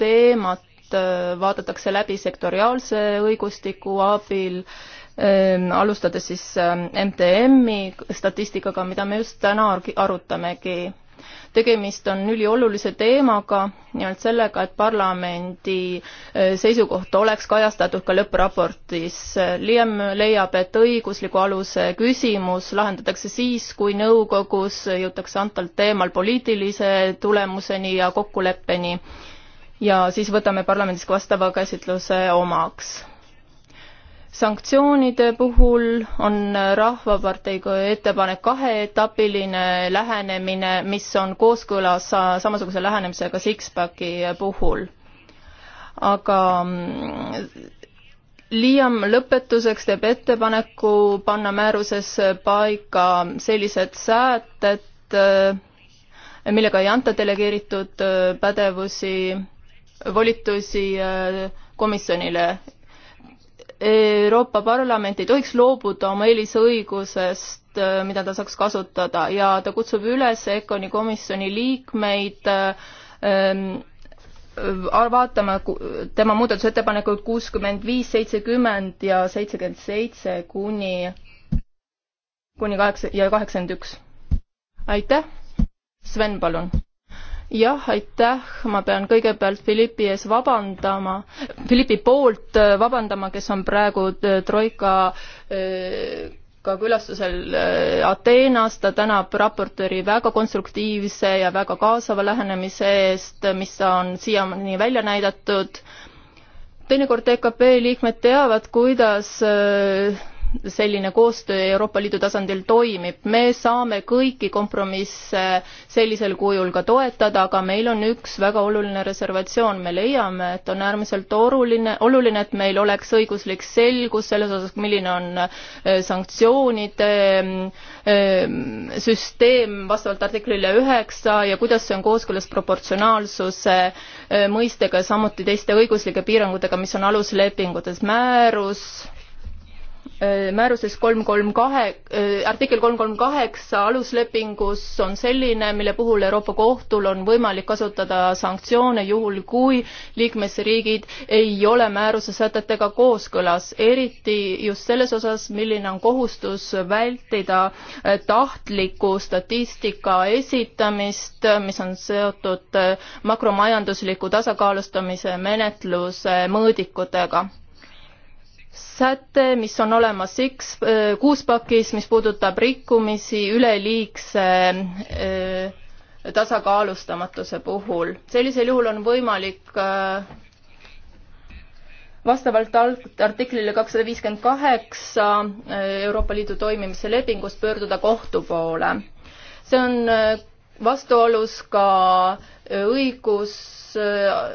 teemat äh, vaadatakse läbi sektoriaalse õigustiku abil, ähm, alustades siis äh, MTM-i statistikaga, mida me just täna arutamegi tegemist on üliolulise teemaga, nimelt sellega, et parlamendi eh, seisukoht oleks kajastatud ka lõppraportis. Liem leiab, et õigusliku aluse küsimus lahendatakse siis, kui nõukogus jõutakse antud teemal poliitilise tulemuseni ja kokkuleppeni ja siis võtame parlamendis vastava käsitluse omaks sanktsioonide puhul on Rahvapartei ettepanek kaheetapiline lähenemine, mis on kooskõlas samasuguse lähenemisega Sixpacki puhul. aga mm, Liam lõpetuseks teeb ettepaneku panna määruses paika sellised sääted, äh, millega ei anta delegeeritud äh, pädevusi, volitusi äh, komisjonile Euroopa Parlament ei tohiks loobuda oma eelisõigusest, äh, mida ta saaks kasutada ja ta kutsub üles ECONi komisjoni liikmeid ähm, äh, vaatama tema muudatusettepanekuid kuuskümmend viis, seitsekümmend ja seitsekümmend seitse kuni, kuni kaheksa ja kaheksakümmend üks. aitäh, Sven, palun jah, aitäh, ma pean kõigepealt Philippi ees vabandama, Philippi poolt äh, vabandama, kes on praegu äh, Troika äh, ka külastusel Ateenas, ta tänab raportööri väga konstruktiivse ja väga kaasava lähenemise eest, mis on siiamaani välja näidatud. teinekord EKP liikmed teavad, kuidas selline koostöö Euroopa Liidu tasandil toimib. me saame kõiki kompromisse sellisel kujul ka toetada, aga meil on üks väga oluline reservatsioon. me leiame, et on äärmiselt oluline, oluline, et meil oleks õiguslik selgus selles osas, milline on äh, sanktsioonide ähm, äh, süsteem vastavalt artiklile üheksa ja kuidas see on kooskõlas proportsionaalsuse äh, mõistega ja samuti teiste õiguslike piirangutega, mis on aluslepingutes. määrus Äh, määruses kolm kolm kahe, äh, artikkel kolm kolm kaheksa aluslepingus on selline, mille puhul Euroopa Kohtul on võimalik kasutada sanktsioone juhul, kui liikmesriigid ei ole määruse sätetega kooskõlas, eriti just selles osas, milline on kohustus vältida äh, tahtlikku statistika esitamist, mis on seotud makromajandusliku tasakaalustamise menetluse mõõdikutega säte, mis on olemas X, äh, kuuspakis, mis puudutab rikkumisi üleliigse äh, tasakaalustamatuse puhul. sellisel juhul on võimalik äh, vastavalt artiklile kakssada viiskümmend kaheksa Euroopa Liidu toimimise lepingust pöörduda kohtu poole. see on vastuolus ka õigus,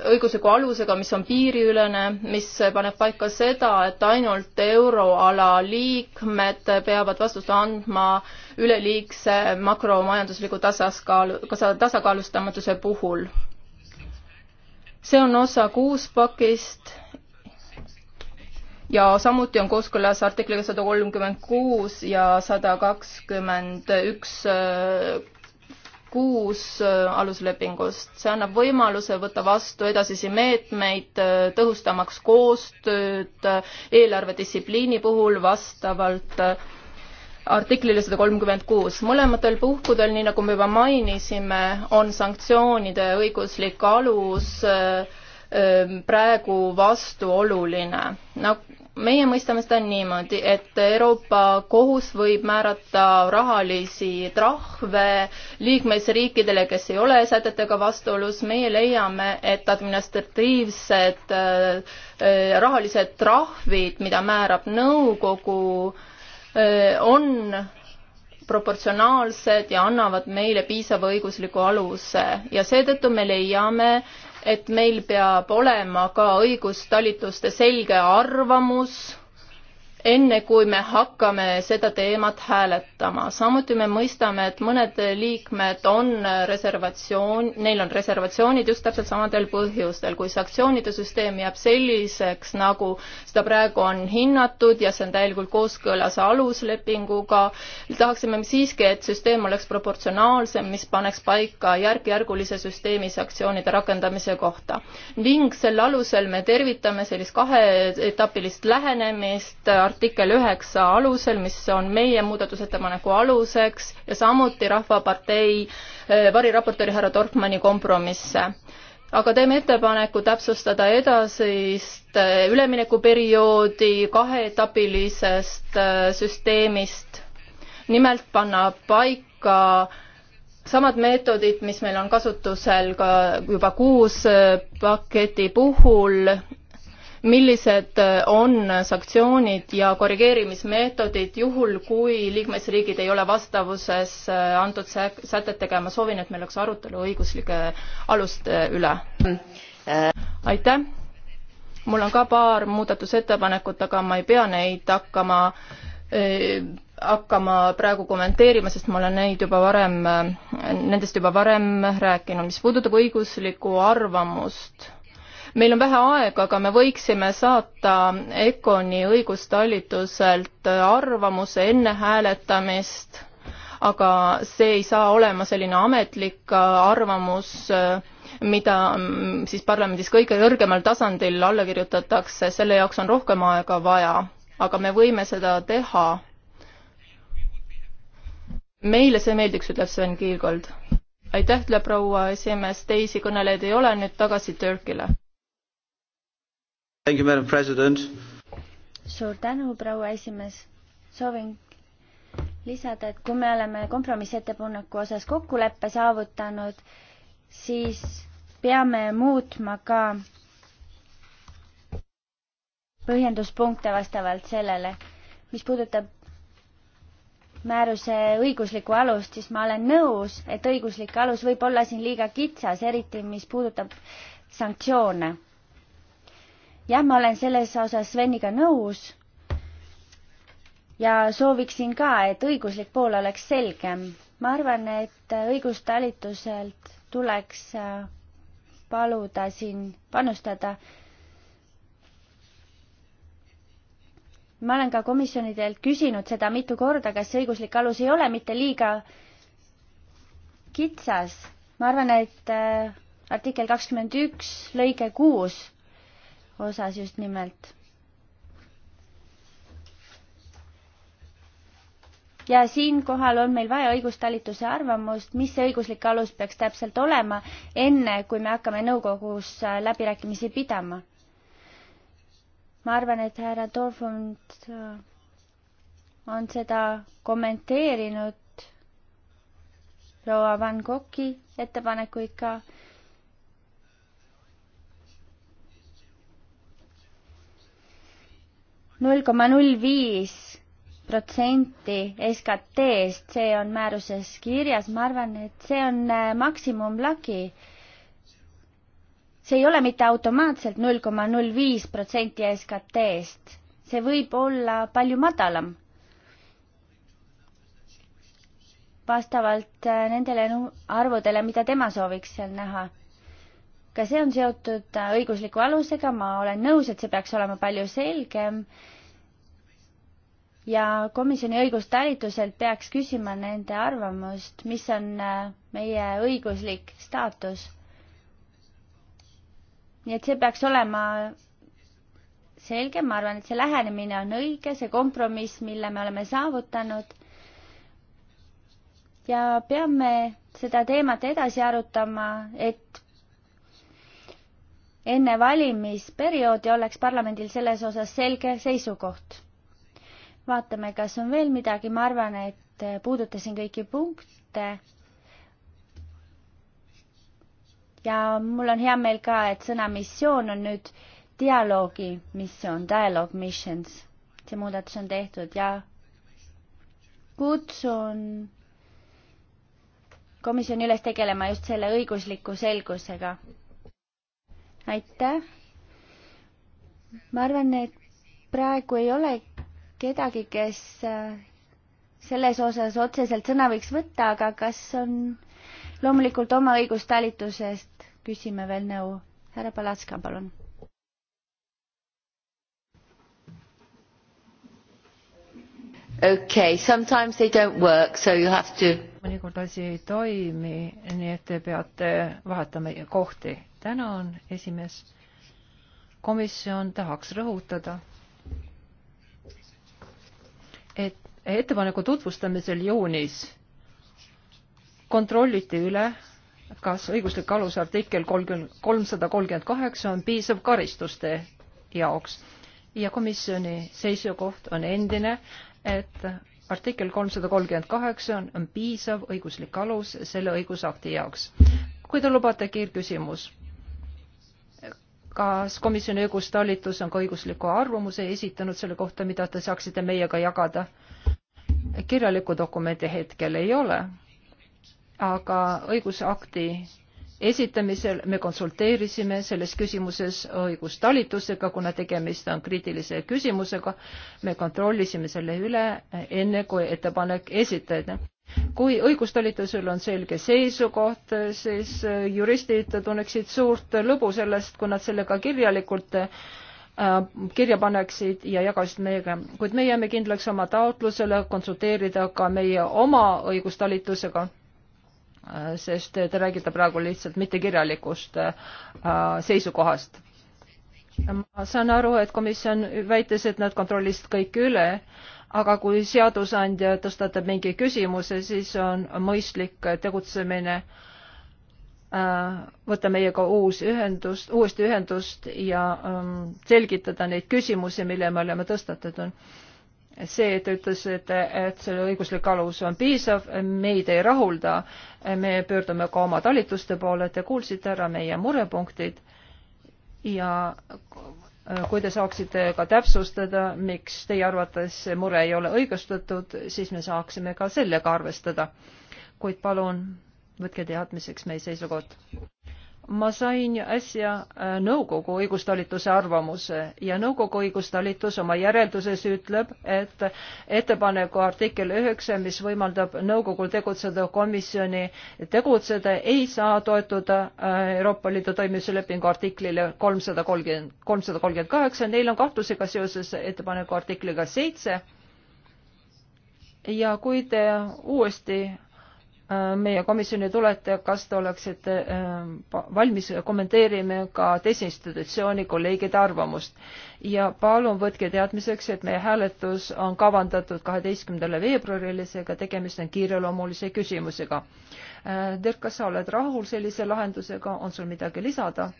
õigusliku alusega, mis on piiriülene, mis paneb paika seda, et ainult euroala liikmed peavad vastust andma üleliigse makromajandusliku tasakaalu, tasakaalustamatuse puhul. see on osa kuuspakist ja samuti on kooskõlas artikliga sada kolmkümmend kuus ja sada kakskümmend üks kuus äh, aluslepingust. see annab võimaluse võtta vastu edasisi meetmeid, äh, tõhustamaks koostööd äh, eelarvedistsipliini puhul vastavalt artiklile sada kolmkümmend kuus. mõlematel puhkudel, nii nagu me juba mainisime, on sanktsioonide õiguslik alus praegu vastuoluline. no nagu meie mõistame seda niimoodi, et Euroopa Kohus võib määrata rahalisi trahve liikmesriikidele, kes ei ole sätetega vastuolus, meie leiame, et administratiivsed äh, rahalised trahvid, mida määrab nõukogu, äh, on proportsionaalsed ja annavad meile piisava õigusliku aluse ja seetõttu me leiame, et meil peab olema ka õigustalituste selge arvamus enne kui me hakkame seda teemat hääletama. samuti me mõistame, et mõned liikmed on reservatsioon, neil on reservatsioonid just täpselt samadel põhjustel. kui sanktsioonide süsteem jääb selliseks, nagu seda praegu on hinnatud ja see on täielikult kooskõlas aluslepinguga, tahaksime me siiski, et süsteem oleks proportsionaalsem, mis paneks paika järk-järgulise süsteemi sanktsioonide rakendamise kohta. ning selle alusel me tervitame sellist kaheetapilist lähenemist, artikkel üheksa alusel, mis on meie muudatusettepaneku aluseks ja samuti Rahvapartei eh, variraportööri härra Dorfmanni kompromisse aga teeme ettepaneku täpsustada edasist eh, üleminekuperioodi kaheetapilisest eh, süsteemist. nimelt panna paika samad meetodid, mis meil on kasutusel ka juba kuus paketi puhul millised äh, on sanktsioonid ja korrigeerimismeetodid juhul, kui liikmesriigid ei ole vastavuses äh, antud sätetega ja ma soovin, et meil oleks arutelu õiguslike aluste üle. aitäh! mul on ka paar muudatusettepanekut, aga ma ei pea neid hakkama äh, hakkama praegu kommenteerima, sest ma olen neid juba varem, nendest juba varem rääkinud. mis puudutab õiguslikku arvamust meil on vähe aega, aga me võiksime saata ECONi õigustalituselt arvamuse enne hääletamist, aga see ei saa olema selline ametlik arvamus, mida siis parlamendis kõige kõrgemal tasandil alla kirjutatakse, selle jaoks on rohkem aega vaja, aga me võime seda teha. meile see meeldiks, ütleb Sven Kiilgold aitäh, ütleb proua esimees, teisi kõnelejaid ei ole, nüüd tagasi Türgile suur tänu, proua esimees. soovin lisada, et kui me oleme kompromissettepaneku osas kokkuleppe saavutanud, siis peame muutma ka põhjenduspunkte vastavalt sellele. mis puudutab määruse õiguslikku alust, siis ma olen nõus, et õiguslik alus võib olla siin liiga kitsas, eriti mis puudutab sanktsioone jah, ma olen selles osas Sveniga nõus ja sooviksin ka, et õiguslik pool oleks selgem. ma arvan, et õigustalituselt tuleks äh, paluda siin panustada. ma olen ka komisjonidelt küsinud seda mitu korda, kas õiguslik alus ei ole mitte liiga kitsas. ma arvan, et äh, artikkel kakskümmend üks lõige kuus osas just nimelt. ja siinkohal on meil vaja õigustalituse arvamust, mis see õiguslik alus peaks täpselt olema, enne kui me hakkame nõukogus äh, läbirääkimisi pidama. ma arvan, et härra Dorfund äh, on seda kommenteerinud proua Van Koki ettepanekuid ka null koma null viis protsenti SKT-st, SKT see on määruses kirjas, ma arvan, et see on äh, maksimumlagi. see ei ole mitte automaatselt null koma null viis protsenti SKT-st, SKT see võib olla palju madalam. vastavalt äh, nendele arvudele, mida tema sooviks seal näha. ka see on seotud äh, õigusliku alusega, ma olen nõus, et see peaks olema palju selgem ja komisjoni õigustalituselt peaks küsima nende arvamust, mis on äh, meie õiguslik staatus. nii et see peaks olema selge, ma arvan, et see lähenemine on õige, see kompromiss, mille me oleme saavutanud. ja peame seda teemat edasi arutama, et enne valimisperioodi oleks parlamendil selles osas selge seisukoht vaatame, kas on veel midagi, ma arvan, et äh, puudutasin kõiki punkte. ja mul on hea meel ka, et sõna missioon on nüüd dialoogi missioon, dialogue missions. see muudatus on tehtud ja kutsun komisjoni üles tegelema just selle õigusliku selgusega. aitäh. ma arvan, et praegu ei olegi kedagi, kes äh, selles osas otseselt sõna võiks võtta, aga kas on loomulikult oma õigustalitusest, küsime veel nõu. härra Palatska, palun. okei okay,, sometimes they don't work, so you have to. mõnikord asi ei toimi, nii et te peate vahetama kohti. tänan, esimees. komisjon tahaks rõhutada et ettepaneku tutvustamisel juunis kontrolliti üle, kas õiguslik alus artikkel kolmsada kolmkümmend kaheksa on piisav karistuste jaoks ja komisjoni seisukoht on endine, et artikkel kolmsada kolmkümmend kaheksa on, on piisav õiguslik alus selle õigusakti jaoks. kui te lubate, kiirküsimus kas komisjoni õigustalitus on ka õigusliku arvamuse esitanud selle kohta, mida te saaksite meiega jagada? kirjalikku dokumenti hetkel ei ole, aga õigusakti esitamisel me konsulteerisime selles küsimuses õigustalitusega, kuna tegemist on kriitilise küsimusega. me kontrollisime selle üle enne, kui ettepanek esitati kui õigustalitusel on selge seisukoht, siis äh, juristid tunneksid suurt lõbu sellest, kui nad selle ka kirjalikult äh, kirja paneksid ja jagaksid meiega, kuid me jääme kindlaks oma taotlusele konsulteerida ka meie oma õigustalitusega, äh, sest te räägite praegu lihtsalt mittekirjalikust seisukohast ma saan aru, et komisjon väitis, et nad kontrollisid kõik üle, aga kui seadusandja tõstatab mingi küsimuse, siis on mõistlik tegutsemine äh, võtta meiega uus ühendust, uuesti ühendust ja ähm, selgitada neid küsimusi, mille me oleme tõstatatud. see, et te ütlesite, et selle õiguslik alus on piisav, meid ei rahulda. me pöördume ka oma talituste poole, te kuulsite ära meie murepunktid ja Äh, kui te saaksite ka täpsustada, miks teie arvates see mure ei ole õigustatud, siis me saaksime ka sellega arvestada. kuid palun võtke teadmiseks meie seisukoht ma sain äsja äh, nõukogu õigustalituse arvamuse ja nõukogu õigustalitus oma järelduses ütleb, et ettepaneku artikkel üheksa, mis võimaldab nõukogul tegutseda, komisjoni tegutseda, ei saa toetuda äh, Euroopa Liidu toimimise lepingu artiklile kolmsada kolmkümmend, kolmsada kolmkümmend kaheksa, neil on kahtlusi ka seoses ettepaneku artikliga seitse ja kui te uuesti Äh, meie komisjoni tulete, kas te oleksite äh, valmis kommenteerima ka teise institutsiooni kolleegide arvamust. ja palun võtke teadmiseks, et meie hääletus on kavandatud kaheteistkümnendale veebruarile, seega tegemist on kiireloomulise küsimusega. Äh, Dirk, kas sa oled rahul sellise lahendusega, on sul midagi lisada?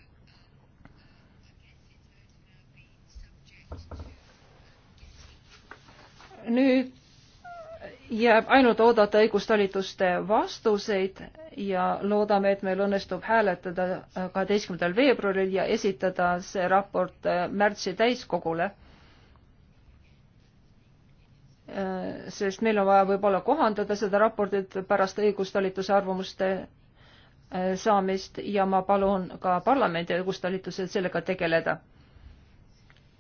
nüüd jääb ainult oodata õigustalituste vastuseid ja loodame, et meil õnnestub hääletada kaheteistkümnendal veebruaril ja esitada see raport märtsi täiskogule. sest meil on vaja võib-olla kohandada seda raportit pärast õigustalituse arvamuste äh, saamist ja ma palun ka parlamendi õigustalitusel sellega tegeleda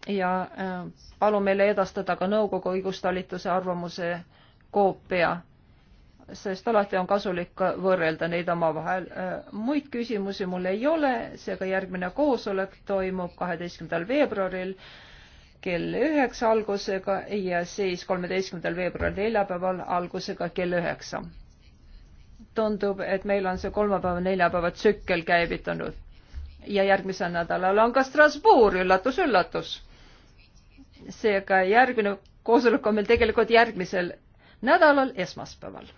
ja äh, palun meile edastada ka nõukogu õigustalituse arvamuse äh, koopia, sest alati on kasulik võrrelda neid omavahel. muid küsimusi mul ei ole, seega järgmine koosolek toimub kaheteistkümnendal veebruaril kell üheksa algusega ja siis kolmeteistkümnendal veebruaril neljapäeval algusega kell üheksa. tundub, et meil on see kolmapäeva-neljapäeva tsükkel käivitunud ja järgmisel nädalal on ka Strasbourg, üllatus-üllatus. seega järgmine koosolek on meil tegelikult järgmisel nädalal esmaspäeval